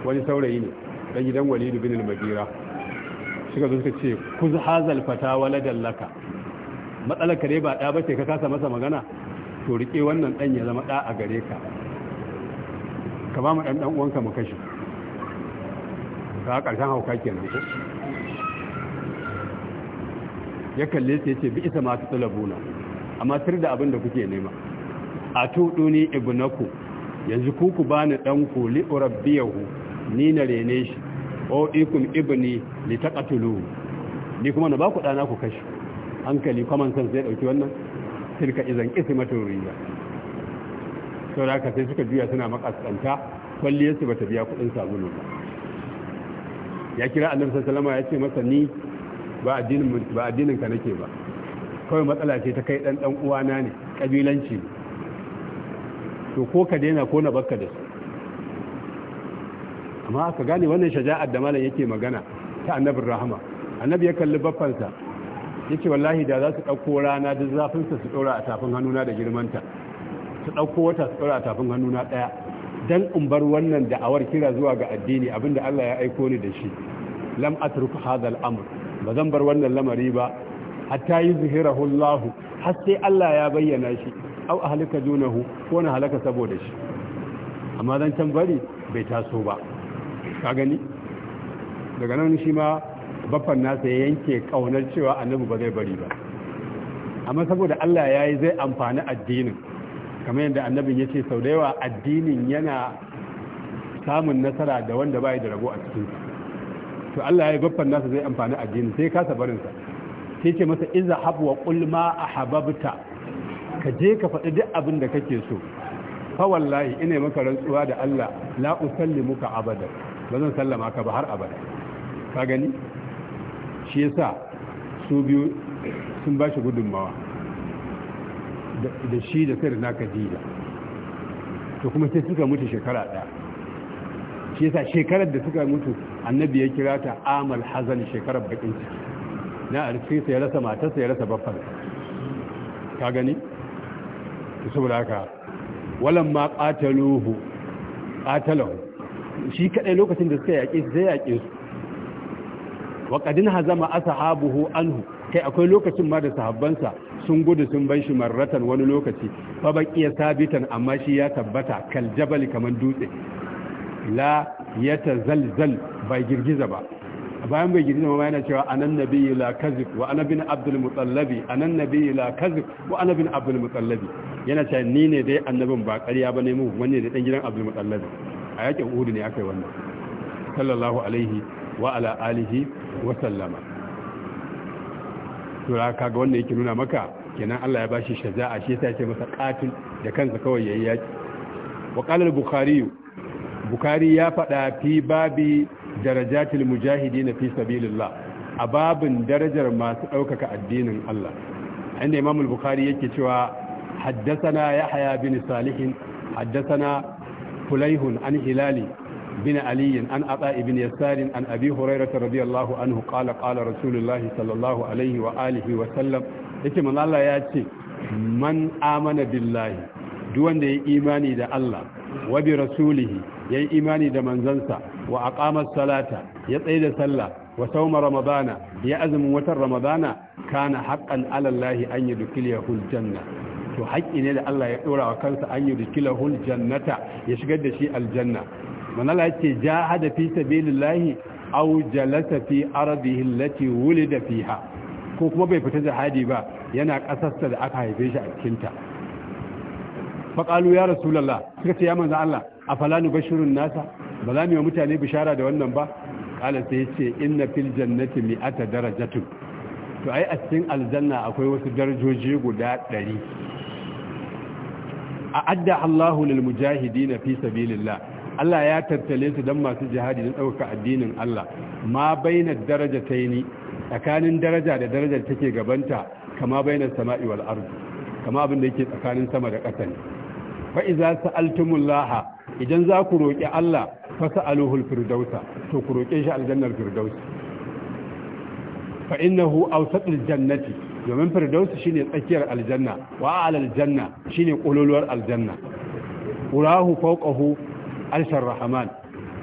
wani saurayi ne ɗan gidan walidu binul magira suka zo suka ce ku hazal fata wala laka matsalar kare ba ɗa ce ka kasa masa magana to riƙe wannan ɗan ya zama ɗa a gare ka ka ba mu ɗan ɗan uwanka mu kashi a ƙarshen hauka kenan ko ya kalle su ya ce bi isa masu tsalabuna amma tur da abin da kuke nema a tuɗu ni ibnaku yanzu kuku ba ni ɗanku li'urabbiyahu ni na rene shi o iKum ibni li taƙatulu ni kuma na ba ku ɗana ku kashi hankali common sense zai dauki wannan tilka izan qismatun riya to da sai suka juya suna makaskanta kwalliyar su bata biya kudin sabulu ba ya kira annabi sallallahu alaihi wasallam ya ce masa ni ba addinin ba addinin ka nake ba kawai matsala ce ta kai dan dan uwana ne kabilanci to ko ka daina ko na barka da su amma ka gane wannan shaja'ar da malam yake magana ta annabi rahama annabi ya kalli baffansa ya ce wallahi da za su ɗauko rana da zafinsa su ɗora a tafin hannuna da girmanta su ɗauko wata su ɗora a tafin hannuna ɗaya don in bar wannan da'awar kira zuwa ga addini abinda Allah ya aiko ni da shi lam atruk hadha al-amr ba zan bar wannan lamari ba hatta yuzhirahu Allah har sai Allah ya bayyana shi au ahlika junahu ko na halaka saboda shi amma zan can bari bai taso ba ka gani daga nan shi ma baffan nasa ya yanke kaunar cewa annabi ba zai bari ba amma saboda Allah ya yi zai amfani addinin kamar yadda annabin ya ce sau da yawa addinin yana samun nasara da wanda bai da rabo a cikinsa to Allah ya yi baffan nasa zai amfani addinin sai kasa barinsa sai ce masa iza habwa kulma a hababta ka je ka faɗi duk abin da kake so fa wallahi ina maka rantsuwa da Allah la usallimuka abada ba zan sallama ka ba har abada ka gani shi yasa su biyu sun ba shi gudunmawa da shi da sirri na kadija to kuma sai suka mutu shekara ɗaya shi yasa shekarar da suka mutu annabi ya kira ta amal hazan shekarar bakin ciki na alfisa ya rasa matarsa ya rasa babbar ka gani saboda haka walan ma qataluhu qatalahu shi kaɗai lokacin da suka yaƙe su zai yaƙe su wa qadin hazama ashabuhu anhu kai akwai lokacin ma da sahabbansa sun gudu sun ban shi marratan wani lokaci fa iya sabitan amma shi ya tabbata kal jabal kaman dutse la yatazalzal bai girgiza ba bayan bai girgiza ma yana cewa anan nabiyyu la kazib wa ana bin abdul mutallabi anan nabiyyu la kazib wa ana bin abdul mutallabi yana cewa ni ne dai annabin ba ƙarya bane mu wanne ne dan gidan abdul mutallabi a yakin uhud ne akai wannan sallallahu alaihi wa ala alihi wa sallama tura kaga wanda yake nuna maka kenan Allah ya bashi shaja'a shi yasa ce masa katil da kansa kawai yayi yaki wa qala al-bukhari ya faɗa fi babi darajatil na fi sabilillah a babin darajar masu ɗaukaka addinin Allah inda Imamul bukhari yake cewa haddathana yahya bin haddasa na fulaihun an hilali bin aliyin an aba ibn yasarin an abi hurairah radiyallahu anhu qala qala sallallahu alaihi wa wa sallam yake manzo Allah ya ce man amana billahi duk wanda ya imani da Allah wa bi rasulihi ya yi imani da manzansa wa aqama salata ya tsaye da sallah wa sauma ramadana ya azumin watan ramadana kana haqqan ala Allah an yudkhilahu aljanna to haƙƙi ne da Allah ya ɗora wa kansa an yudkhilahul jannata ya shigar da shi aljanna manala ce jahada fi sabilillahi aw jalasa fi ardihi allati wulida fiha ko kuma bai fita jihadi ba yana ƙasarsa da aka haife shi a cikin ta faqalu ya rasulullah suka ce ya manzo Allah afala nubashirun nasa ba za mu yi mutane bishara da wannan ba kala sai ya ce inna fil jannati mi'ata darajatun to ai a cikin aljanna akwai wasu darajoji guda 100 a'adda Allahu lil mujahidin fi sabilillah Allah ya tattale su don masu jihadi don ɗauka addinin Allah ma baina daraja ta yi tsakanin daraja da darajar take gabanta kama baina sama'i wal arzu kama abin da yake tsakanin sama da ƙasa ne fa iza laha idan za ku roƙi Allah fa sa'aluhul firdausa to ku roƙe shi aljannar firdausa fa innahu awsatul jannati domin firdausa shine tsakiyar aljanna wa alal janna shine kululuwar aljanna urahu fawqahu Arshin rahman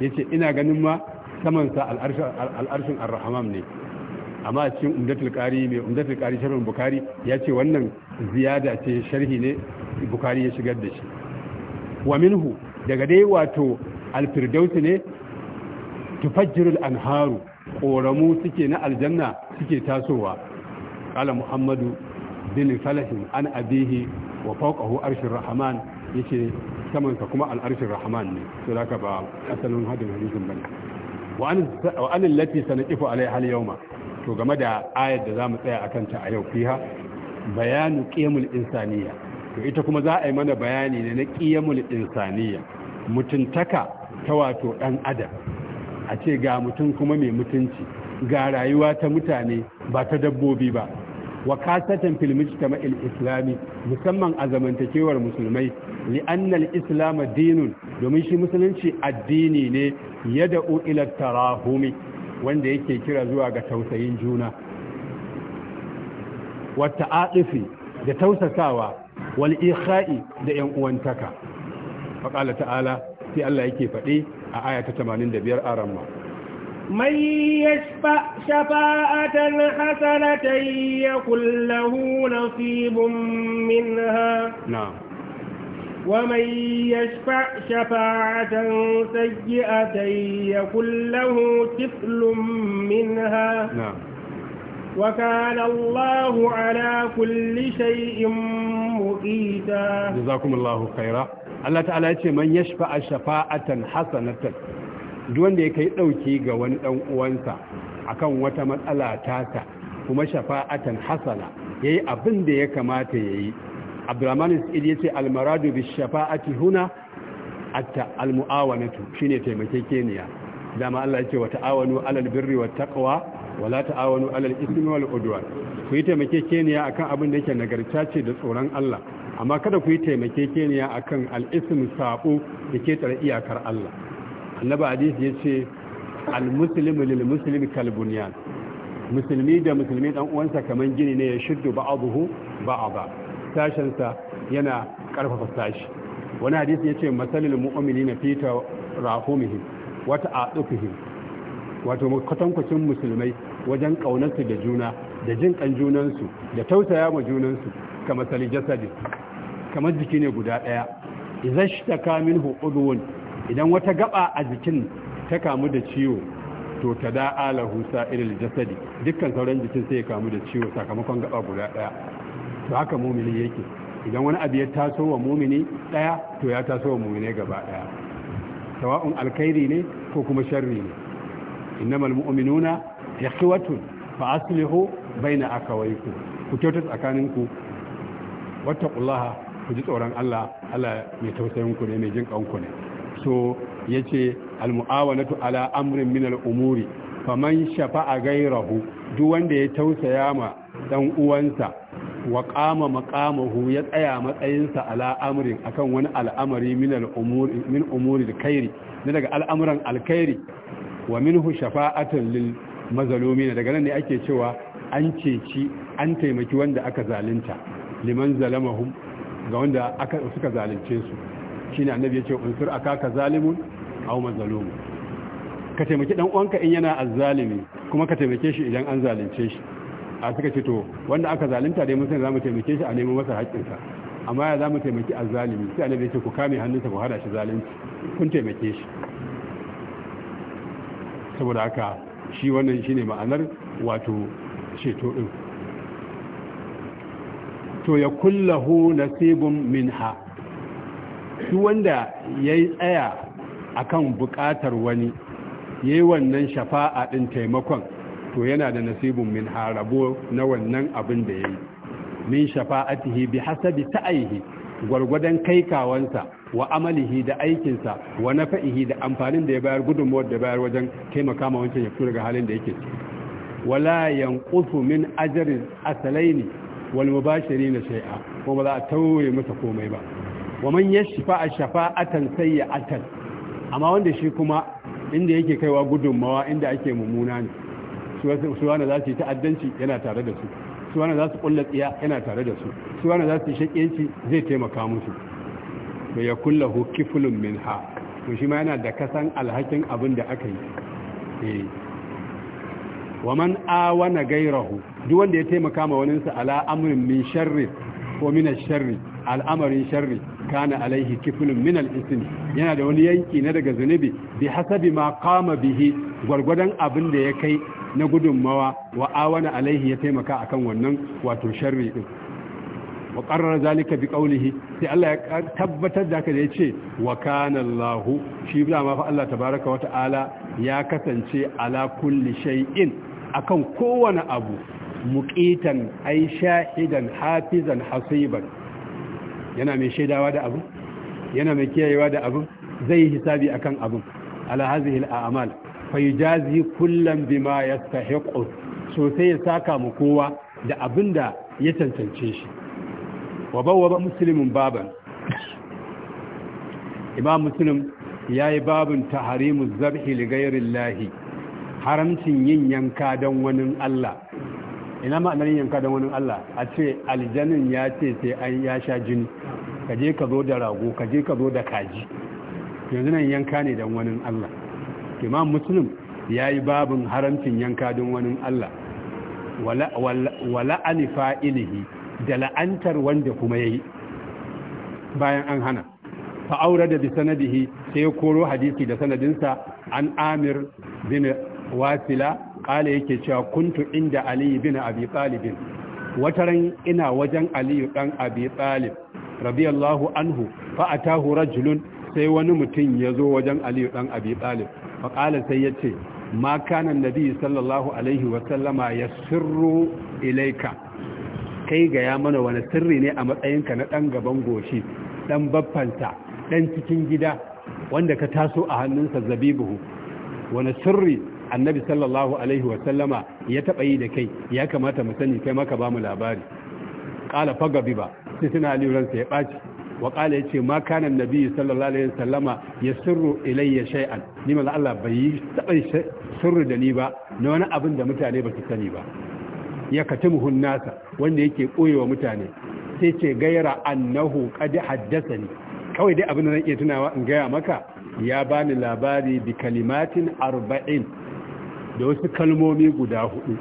ya ce ina ganin ma samansa al'arshin al rahman ne amma cikin umdatul kari mai umdatul kari sharhin bukari ya ce wannan ziyada ce sharhi ne bukari ya shigar da shi wa minhu daga dai wato alfirdausi ne al anharu ƙoramu suke na aljanna suke tasowa qala muhammadu bin falahin an abihi wa fawqahu arshin rahman yake samanka kuma al'arshin rahman ne to da ba asalin hadin hadisin bane wa anin lati sanaqifu hal yau yawma to game da ayar da zamu tsaya akan ta a yau fiha bayanu qiyamul insaniya to ita kuma za a yi mana bayani ne na qiyamul insaniya mutuntaka ta wato ɗan adam a ce ga mutum kuma mai mutunci ga rayuwa ta mutane ba ta dabbobi ba wa kasatan fil mujtama'il islami musamman a zamantakewar musulmai li'annal islam dinun domin shi musulunci addini ne yada ila tarahumi wanda yake kira zuwa ga tausayin juna wata aɗifi da tausasawa wal ikha'i da yan uwantaka faƙala ta'ala sai Allah yake faɗi a aya ta 85 a ramma من يشفع شفاءة حسنة يكن له نصيب منها نعم ومن يشفع شفاعة سيئة يكن له كفل منها نعم وكان الله على كل شيء مقيتا جزاكم الله خيرا Allah ta'ala ya ce man yashfa'a shafa'atan hasanatan duk wanda ya kai dauki ga wani dan uwansa akan wata matsala tata kuma shafa'atan hasana yayi abin da ya kamata yayi abdurrahman ya yace almaradu bi shafa'ati huna atta almuawanatu shine taimakekeniya dama Allah ce wa ta'awanu alal birri wa taqwa wa la ta'awanu alal ismi wal udwan ku yi taimakekeniya akan abin da yake nagarta ce da tsoron Allah amma kada ku yi taimakekeniya akan al-ism sabo da ke tsare iyakar Allah annabi hadisi yace ce muslimu lil muslimi kal bunyan musulmi da musulmi dan uwansa kaman gini ne ya shuddu ba'dahu ba. sashensa yana karfafa sashi wani hadisi yace masalil mu'minina fi wata wa ta'atufihim wato kwatankwacin musulmai wajen kaunarsu da juna da jin kan junansu da tausaya ma junansu ka sali jasadi kamar jiki ne guda daya idan shi ta kamin hukudun idan wata gaba a jikin ta kamu da ciwo to ta da'a lahusa irin jasadi dukkan sauran jikin sai ya kamu da ciwo sakamakon gaba guda ɗaya. to haka mumini yake idan wani abu ya taso wa mumini daya to ya taso wa mumini gaba daya tawa'un alkhairi ne ko kuma sharri ne innamal mu'minuna ikhwatun fa aslihu baina akawaykum ku kyauta tsakaninku wattaqullaha ku ji tsoron Allah Allah mai tausayin ku ne mai jin kanku ne so yace almu'awalatu ala amrin min al'umuri faman shafa'a gairahu duk wanda ya tausaya ma dan uwansa wa qama maqamahu ya tsaya matsayinsa ala amrin akan wani al'amari min al'umuri min umuri alkhairi daga al'amuran alkhairi wa minhu shafa'atan lil mazlumin daga nan ne ake cewa an ceci an taimaki wanda aka zalunta liman zalamahum ga wanda aka suka zalince su shine annabi yace unsur ka zalimun aw mazlum ka taimaki dan uwanka in yana azzalimi kuma ka taimake shi idan an zalunce shi a suka ce to wanda aka zalunta dai mutum za mu taimake shi a neman masa haƙƙinsa amma ya za mu taimaki azzalimi sai annabi ce ku kame hannunsa ku hada shi zalunci kun taimake shi saboda haka shi wannan shine ma'anar wato sheto ɗin to ya kullahu nasibun minha shi wanda ya yi tsaya akan buƙatar wani ya yi wannan shafa'a ɗin taimakon to yana da nasibin min harabo na wannan abin da ya yi min shafa'atihi bi hasabi ta'aihi gwargwadon kaikawansa wa amalihi da aikinsa wa nafa'ihi da amfanin da ya bayar gudunmuwar da bayar wajen taimaka ma wancan ya fito daga halin da yake ciki wala yanqutu min ajrin asalaini wal mubashirin shay'a kuma ba za a tauye masa komai ba wa man yashfa shafa'atan sayyi'atan amma wanda shi kuma inda yake kaiwa gudunmawa inda ake mummuna ne su za su yi ta'addanci yana tare da su su za su kulla tsiya yana tare da su su za su yi shaƙenci zai taimaka musu to ya kulla hukki fulun min ha to shi ma yana da kasan alhakin abin da aka yi eh. wa man awana gairahu duk wanda ya taimaka ma waninsa ala amrin min sharri ko min sharri al'amarin sharri kana alaihi kifulun min al yana da wani yanki na daga zunubi bi hasabi ma kama bihi gwargwadon abin da ya kai na gudunmawa wa awana alaihi ya taimaka akan wannan wato sharri din wa qarrara zalika bi qawlihi sai Allah ya tabbatar da haka da yace wa kana Allah shi bila ma fa Allah tabaaraka wa ta'ala ya kasance ala kulli shay'in akan kowane abu muqitan ay shahidan hafizan hasiban yana mai shaidawa da abu yana mai kiyayewa da abu zai yi hisabi akan abu ala hadhihi al a'mal faijazi kullum bima ya sahiqu sosai ya saka mu kowa da abin da ya cancance shi wa bawwa muslimin baban imam muslim ya yi babin taharimu zabhi li gairin lahi haramcin yin yanka don wani Allah ina ma'anar yin yanka don wani Allah a ce aljanin ya ce sai an ya sha jini ka je ka zo da rago ka ka zo da kaji yanzu nan yanka ne don wani Allah imam muslim ya yi babin haramcin yanka don wani Allah wala alifa ilihi da la'antar wanda kuma ya yi bayan an hana fa'aura da bisanadihi sai koro hadisi da sanadinsa an amir bin wasila ƙala yake cewa kuntu inda aliyu bin abi talibin wataran ina wajen aliyu ɗan abi talib rabiyallahu anhu fa'atahu rajulun sai wani mutum ya zo wajen aliyu ɗan abi talib faƙala sai ya ce makanan kanan nabi sallallahu alaihi wasallama ya sirru ilaika kai gaya mana wani sirri ne a matsayinka na ɗan gaban goshi ɗan baffansa, ɗan cikin gida wanda ka taso a hannunsa zabibuhu wani sirri annabi sallallahu alaihi wasallama ya taɓa yi da kai ya kamata mu sani kai maka ba mu labari ƙala fagabi ba sai suna aliransa ya ɓaci wa ya yace ma kana nabi sallallahu alaihi wasallama yasirru ilayya shay'an ni Allah bai yi taɓa sirru da ni ba na wani abin da mutane ba su sani ba ya katimuhu nasa wanda yake koyewa mutane sai ce gaira annahu qad haddathani kawai dai abin da zan iya tunawa in gaya maka ya bani labari bi kalimatin arba'in da wasu kalmomi guda hudu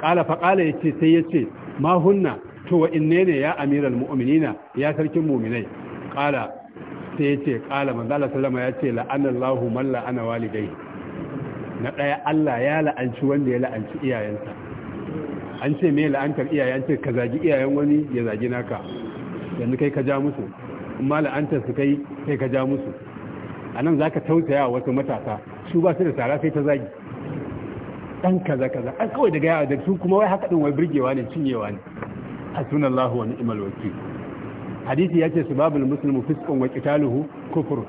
ƙala fa ya ce sai yace ma hunna to wa inne ne ya amiral mu'minina ya sarkin mu'minai qala sai yace qala manzo Allah sallama yace la'anallahu man la'ana walidai na daya Allah ya la'anci wanda ya la'anci iyayensa an ce me la'antar iyaye an ce ka zagi iyayen wani ya zagi naka yanzu kai ka ja musu amma la'antar su kai kai ka ja musu anan zaka tausaya wasu matasa su ba su da tsara sai ta zagi dan kaza kaza an kawai daga yawa da su kuma wai haka din wai burgewa ne cinyewa ne hasbunallahu wa ni'mal wakil hadisi yace sababul muslimu fisqun wa qitaluhu kufr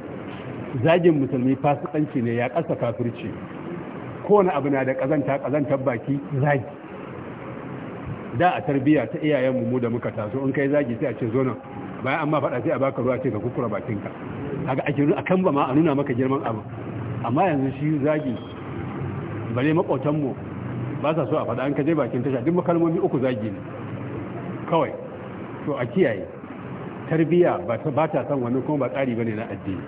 zagin musulmi fasikanci ne ya kasa kafirci kowane abu na da kazanta kazantar baki zagi da a tarbiya ta iyayen mu da muka taso in kai zagi sai a ce zo nan bayan amma faɗa sai a baka ruwa ce ka kukura bakinka kaga ake nuna akan ba ma a nuna maka girman abu amma yanzu shi zagi bare makwatan mu ba sa so a faɗa an ka je bakin tasha duk kalmomi uku zagi ne kawai to a kiyaye tarbiya ba ta san wani kuma ba tsari bane na addini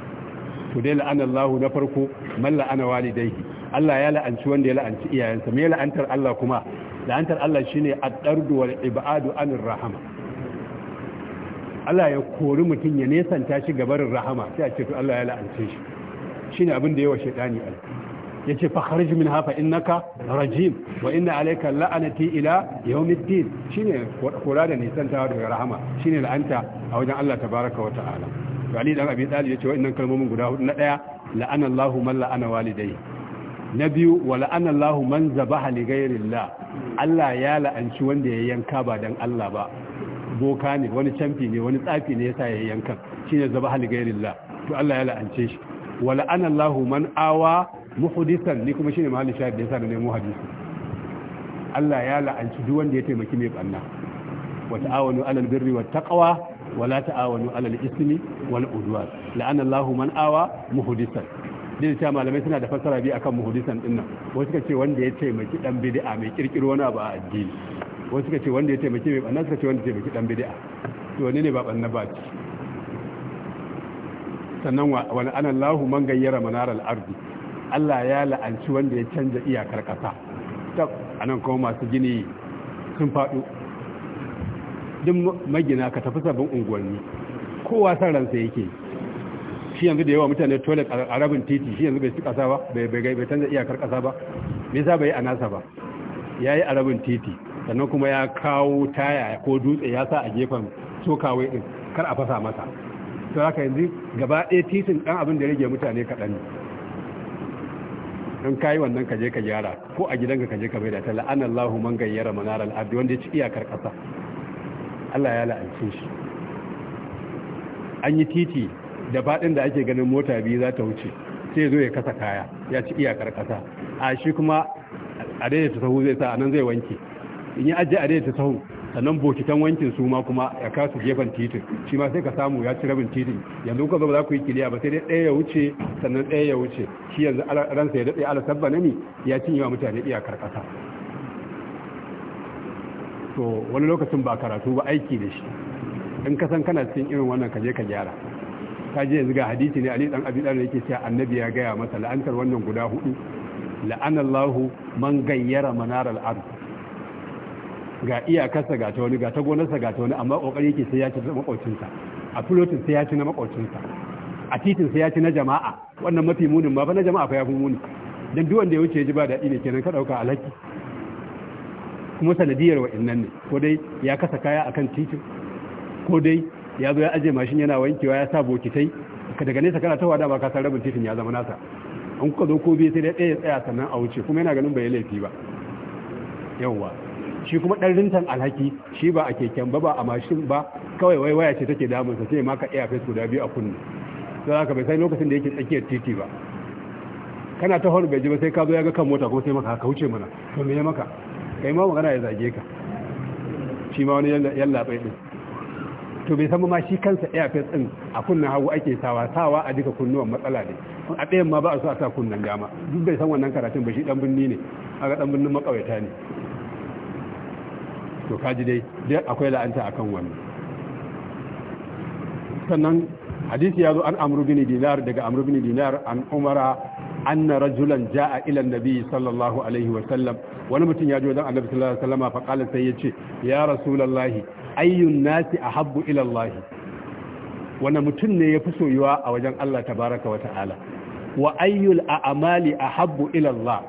to dai la'anallahu na farko man la'ana walidayhi Allah ya la'anci wanda ya la'anci iyayensa me la'antar Allah kuma la'antar Allah shine ad-dardu wal ibadu anir rahama Allah ya kori mutum ya nesanta shi gabarin rahama sai a ce to Allah ya la'ance shi shine abin da yawa shaytani alƙi yace ce kharij min hafa naka rajim wa inna ala'ika la'anati ila yawmiddin shine kula da nisan ta daga rahama shine la'anta a wajen Allah tabaraka wa ta'ala to ali dan abi talib ce wa'annan kalmomin guda hudu na daya la'ana Allahu man la'ana walidayhi na biyu wa la'ana Allahu man zabaha li ghayrillah Allah ya la'anci wanda ya yanka ba dan Allah ba boka ne wani camfi ne wani tsafi ne yasa ya yanka, shine zabaha li ghayrillah to Allah ya la'ance shi wa la'ana Allahu man awa Muhudisan ni kuma shine mahallin shahid da yasa da nemo hadisi Allah ya la'anci duk wanda ya taimaki mai banna wa ta'awanu alal birri wat taqwa wa la ta'awanu alal ismi wal udwan la'anna Allahu man awa muhudisan din ta malamai suna da fassara bi akan muhudisan din nan wasu suka ce wanda ya taimaki dan bid'a mai kirkiro wani abu a addini wasu suka ce wanda ya taimaki mai banna suka ce wanda ya taimaki dan bid'a to wani ne ba banna ba sannan wa ana Allahu man gayyara manaral ardi Allah ya la'anci wanda ya canza iyakar ƙasa tak anan kuma masu gini sun faɗo duk magina ka tafi sabbin unguwanni kowa san ransa yake shi yanzu da yawa mutane toilet a rabin titi shi yanzu bai ci ƙasa ba bai canza iyakar ƙasa ba me yasa bai a nasa ba yayi a rabin titi sannan kuma ya kawo taya ko dutse ya sa a gefen sokawai din kar a fasa masa to haka yanzu gaba ɗaya titin ɗan abin da rage mutane kaɗan don kayi wannan ka je ka gyara ko a gidanka ka je ka maida ta la'anallahu man gayyara manaral abdi wanda ya ci iyakar ƙasa Allah ya la'ance shi an yi titi da faɗin da ake ganin mota biyu za ta wuce sai zo ya kasa kaya ya ci iyakar ƙasa a shi kuma a daidaita sahu zai sa a nan zai wanke in yi ajiye a daidaita sahu sannan bokitan wankin su ma kuma ya kasu gefen titin shi ma sai ka samu ya ci rabin titin yanzu ka zo ba za ku yi kiliya ba sai dai ɗaya ya wuce sannan ɗaya ya wuce shi yanzu ransa ya daɗe ala sabba na ni ya cinye wa mutane iyakar ƙasa to wani lokacin ba karatu ba aiki da shi in ka san kana cikin irin wannan ka je ka gyara ka je yanzu ga hadisi ne ali dan abi dan yake cewa annabi ya gaya masa la'antar wannan guda hudu la'anallahu man gayyara manaral ardh ga iyakarsa ga ta wani ga ta gonarsa ga ta wani amma kokari yake sai ya ci makwabcinsa a filotin sai ya ci na makwabcinsa a titin sai ya ci na jama'a wannan mafi munin ma fa na jama'a fa ya fi muni dan duk wanda ya wuce ya ji ba daɗi ne kenan ka ɗauka alhaki kuma sanadiyar innan ne ko dai ya kasa kaya akan titin ko dai ya zo ya aje mashin yana wankewa ya sa bokitai ka daga nesa kana ta wada ba ka san rabin titin ya zama nasa an kuka zo ko biyu sai dai ɗaya tsaya sannan a wuce kuma yana ganin bai laifi ba yawwa shi kuma ɗan rintan alhaki shi ba a keken ba ba a mashin ba kawai wai waya ce take damunsa sai ma ka iya fesu guda biyu a kunni sai haka bai sai lokacin da yake tsakiyar titi ba kana ta horo bai ji ba sai ka zo ya ga kan mota ko sai maka haka wuce mana to me ya maka kai ma magana ya zage ka shi ma wani yalla bai din to bai san ma shi kansa fes din a kunnan hagu ake sawa sawa a duka kunnuwan matsala ne a ɗayan ma ba a so a sa kunnan dama duk bai san wannan karatun ba shi dan binni ne aga dan binnin makawaita ne to kaji dai dai akwai la'anta akan wannan sannan hadisi ya zo an amru bini dinar daga amru bin dinar an umara anna rajulan jaa ila annabi sallallahu alaihi wa sallam wani mutum ya je wajen annabi sallallahu alaihi wa sallama fa qala sai yace ya rasulullahi ayyun nasi ahabbu ila allah wani mutum ne ya fi soyuwa a wajen Allah tabaraka wa ta'ala wa ayyul amali ahabbu ila Allah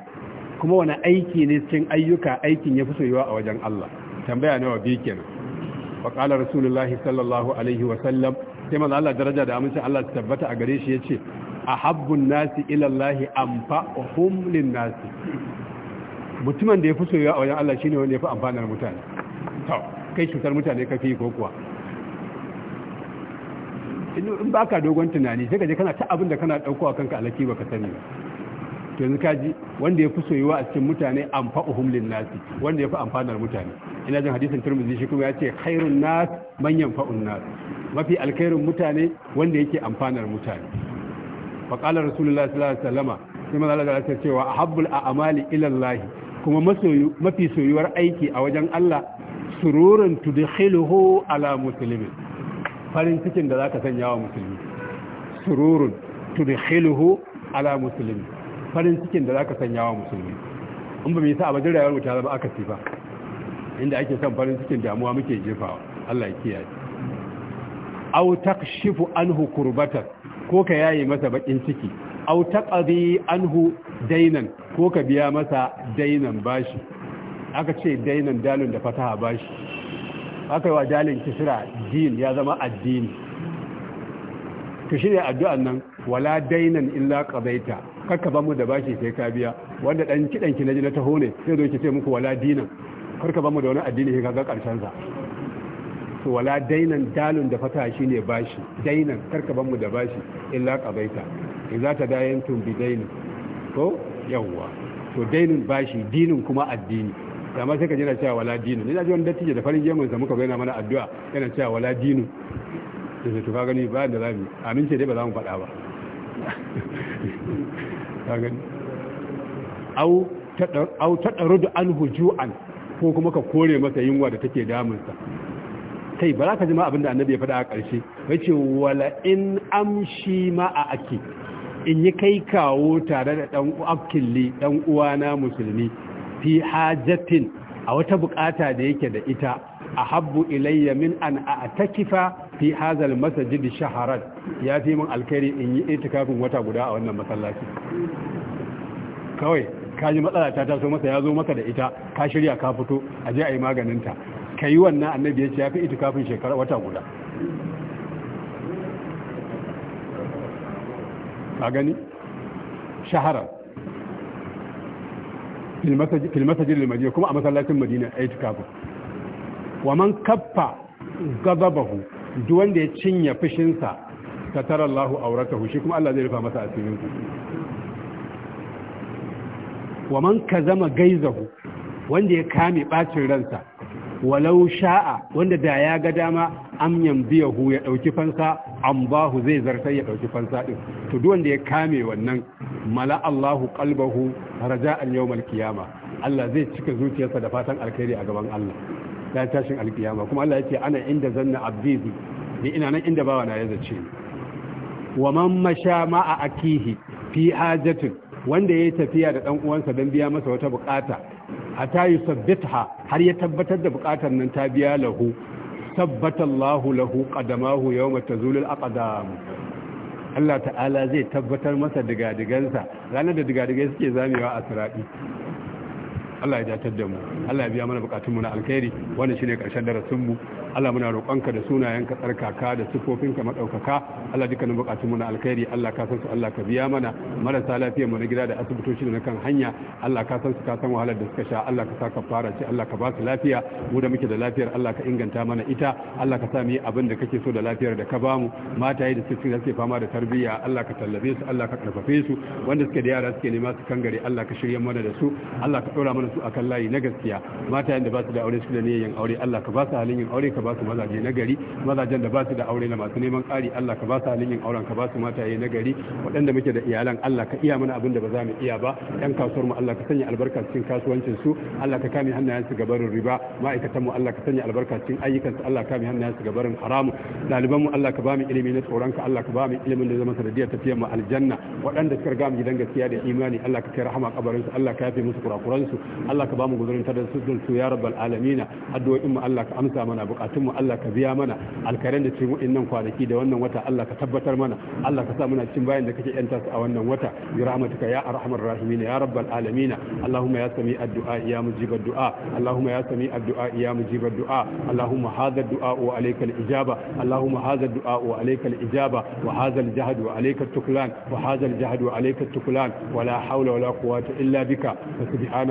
kuma wani aiki ne cikin ayyuka aikin ya fi soyuwa a wajen Allah tambaya nawa bi kenan wa qala rasulullahi sallallahu alaihi wa sallam sai manzo Allah daraja da amince Allah ta tabbata a gare shi yace ahabbun nasi ila Allah anfa'uhum lin nasi mutumin da ya fi soya a wajen Allah shine wanda ya fi amfanar mutane to kai cutar mutane ka fi ko kuwa in ba ka dogon tunani sai ka je kana ta abin da kana daukowa kanka alaki baka sani ba to yanzu kaji wanda ya fi soyuwa a cikin mutane an fa'uhum lin nasi wanda ya fi amfanar mutane ina jin hadisin turmizi shi kuma ya ce khairun nas manyan fa'un nas mafi alkhairun mutane wanda yake amfanar mutane fa qala rasulullahi sallallahu alaihi wasallama sai manzo Allah ya cewa ahabbul a'mali ila Allah kuma masoyu mafi soyuwar aiki a wajen Allah sururun tudkhiluhu ala muslimin farin cikin da zaka sanya wa musulmi sururun tudkhiluhu ala muslimin farin cikin da zaka sanya wa musulmi in ba mai sa abin rayuwar mu ta zama ci ba inda ake son farin cikin damuwa muke jefawa Allah ya kiyaye aw takshifu anhu kurbata ko ka yayi masa bakin ciki aw taqdi anhu dainan ko ka biya masa dainan bashi aka ce dainan dalin da fataha bashi aka yi wa dalin kisra din ya zama addini to shine addu'an nan wala dainan illa qadaita kakka ba mu da bashi sai ka biya wanda dan kidan ki naji na taho ne sai zo ki ce muku wala dinan karka ba mu da wani addini sai kaga karshen sa to wala dainan dalun da fata shine bashi dainan karka ba mu da bashi illa qabaita idza tun bi dainin ko yawwa to dainin bashi dinin kuma addini amma sai ka jira cewa wala dinu ni ji wani tije da farin gemun sa muka ga mana addu'a yana cewa wala dinu to to ka gani ba da zabi amince dai ba za mu faɗa ba au ta ɗaru da an ko kuma ka kore masa yunwa da take damunsa kai ba za ka jima abinda annabi ya faɗa a ƙarshe bai ce wala in amshi ma a ake in yi kai kawo tare da ɗan abkilli ɗan uwana musulmi fi hajjatin a wata bukata da yake da ita a habbu ilayya min an a takifa fi hazal masajid shaharat ya fi min alkhairi in yi itikafin wata guda a wannan masallaci kawai ka ji matsala ta taso masa ya zo maka da ita ka shirya ka fito a je a yi maganinta ka yi wannan annabi ya ce ya fi itikafin shekara wata guda a gani shahara filmasajin limajiya kuma a masallacin madina a itikafin wa man kaffa gazabahu duk wanda ya cinye fushinsa ta tara Allahu auratahu shi kuma Allah zai rufa masa asirin ku wa man kazama gaizahu wanda ya kame ɓacin ransa walau sha'a wanda da ya ga dama am yambiyahu ya ɗauki fansa an zai zartar ya ɗauki fansa ɗin. to duk wanda ya kame wannan mala Allahu qalbahu raja'an yawmal qiyama Allah zai cika zuciyarsa da fatan alkhairi a gaban Allah ya tashin alkiyama kuma Allah ce ana inda zanna abdizi ne ina nan inda bawa na ya zace wa man masha a akihi fi hajatin wanda ya tafiya da dan uwansa dan biya masa wata bukata hatta yusabbitha har ya tabbatar da bukatar nan ta biya lahu tabbata Allah lahu qadamahu yawma tazulu al-aqdam Allah ta'ala zai tabbatar masa digadigansa ranar da digadigai suke zamewa a sirati Allah ya datar da mu Allah ya biya mana bukatun mu na alkhairi wannan shine karshen darasin mu Allah muna roƙonka da sunayenka tsarkaka da sifofinka madaukaka Allah dukkanin bukatun mu na alkhairi Allah ka san su Allah ka biya mana marasa lafiya mu na gida da asibitoci da na kan hanya Allah ka san su ka san wahalar da suka sha Allah ka sa ka fara ci Allah ka ba su lafiya mu da muke da lafiyar Allah ka inganta mana ita Allah ka sa mu yi abin da kake so da lafiyar da ka bamu Mata mataye da suke fama da tarbiyya Allah ka tallabe su Allah ka karfafe su wanda suke da yara suke nema su kangare Allah ka shirye mana da su Allah ka dora mana da su akan layi na gaskiya mata da ba su da aure su da niyyar aure Allah ka ba su halin yin aure ka ba su mazaje na gari mazajen da ba su da aure na masu neman ƙari Allah ka ba su halin yin auren ka ba su mataye na gari waɗanda muke da iyalan Allah ka iya mana abin da ba za mu iya ba ɗan kasuwar mu Allah ka sanya albarka cikin kasuwancin su Allah ka kame hannayen su gabarin riba ma'aikatan mu Allah ka sanya albarka cikin ayyukan su Allah ka kame hannayen su gabarin haramu ɗaliban mu Allah ka ba mu ilimi na tsoron ka Allah ka ba mu ilimin da zama sanadiyar tafiyar mu aljanna waɗanda suka riga mu gidan gaskiya da imani Allah ka kai rahama kabarin su Allah ka yafe musu kurakuran su Allah ka ba mu guzurin da su ya rabbal alamina addu'o'in mu Allah ka amsa mana bukatun mu Allah ka biya mana alkaren da cikin wa'annan kwanaki da wannan wata Allah ka tabbatar mana Allah ka sa muna cikin bayan da kake yanta su a wannan wata bi rahmatika ya arhamar rahimin ya rabbal alamina Allahumma ya sami addu'a ya mujib du'a. Allahumma ya sami addu'a ya mujib addu'a Allahumma hadha addu'a wa alayka al-ijaba Allahumma hadha addu'a wa alayka al-ijaba wa hadha al-jahd wa alayka التكلان وهذا الجهد وعليك التكلان ولا حول ولا قوة إلا بك فسبحان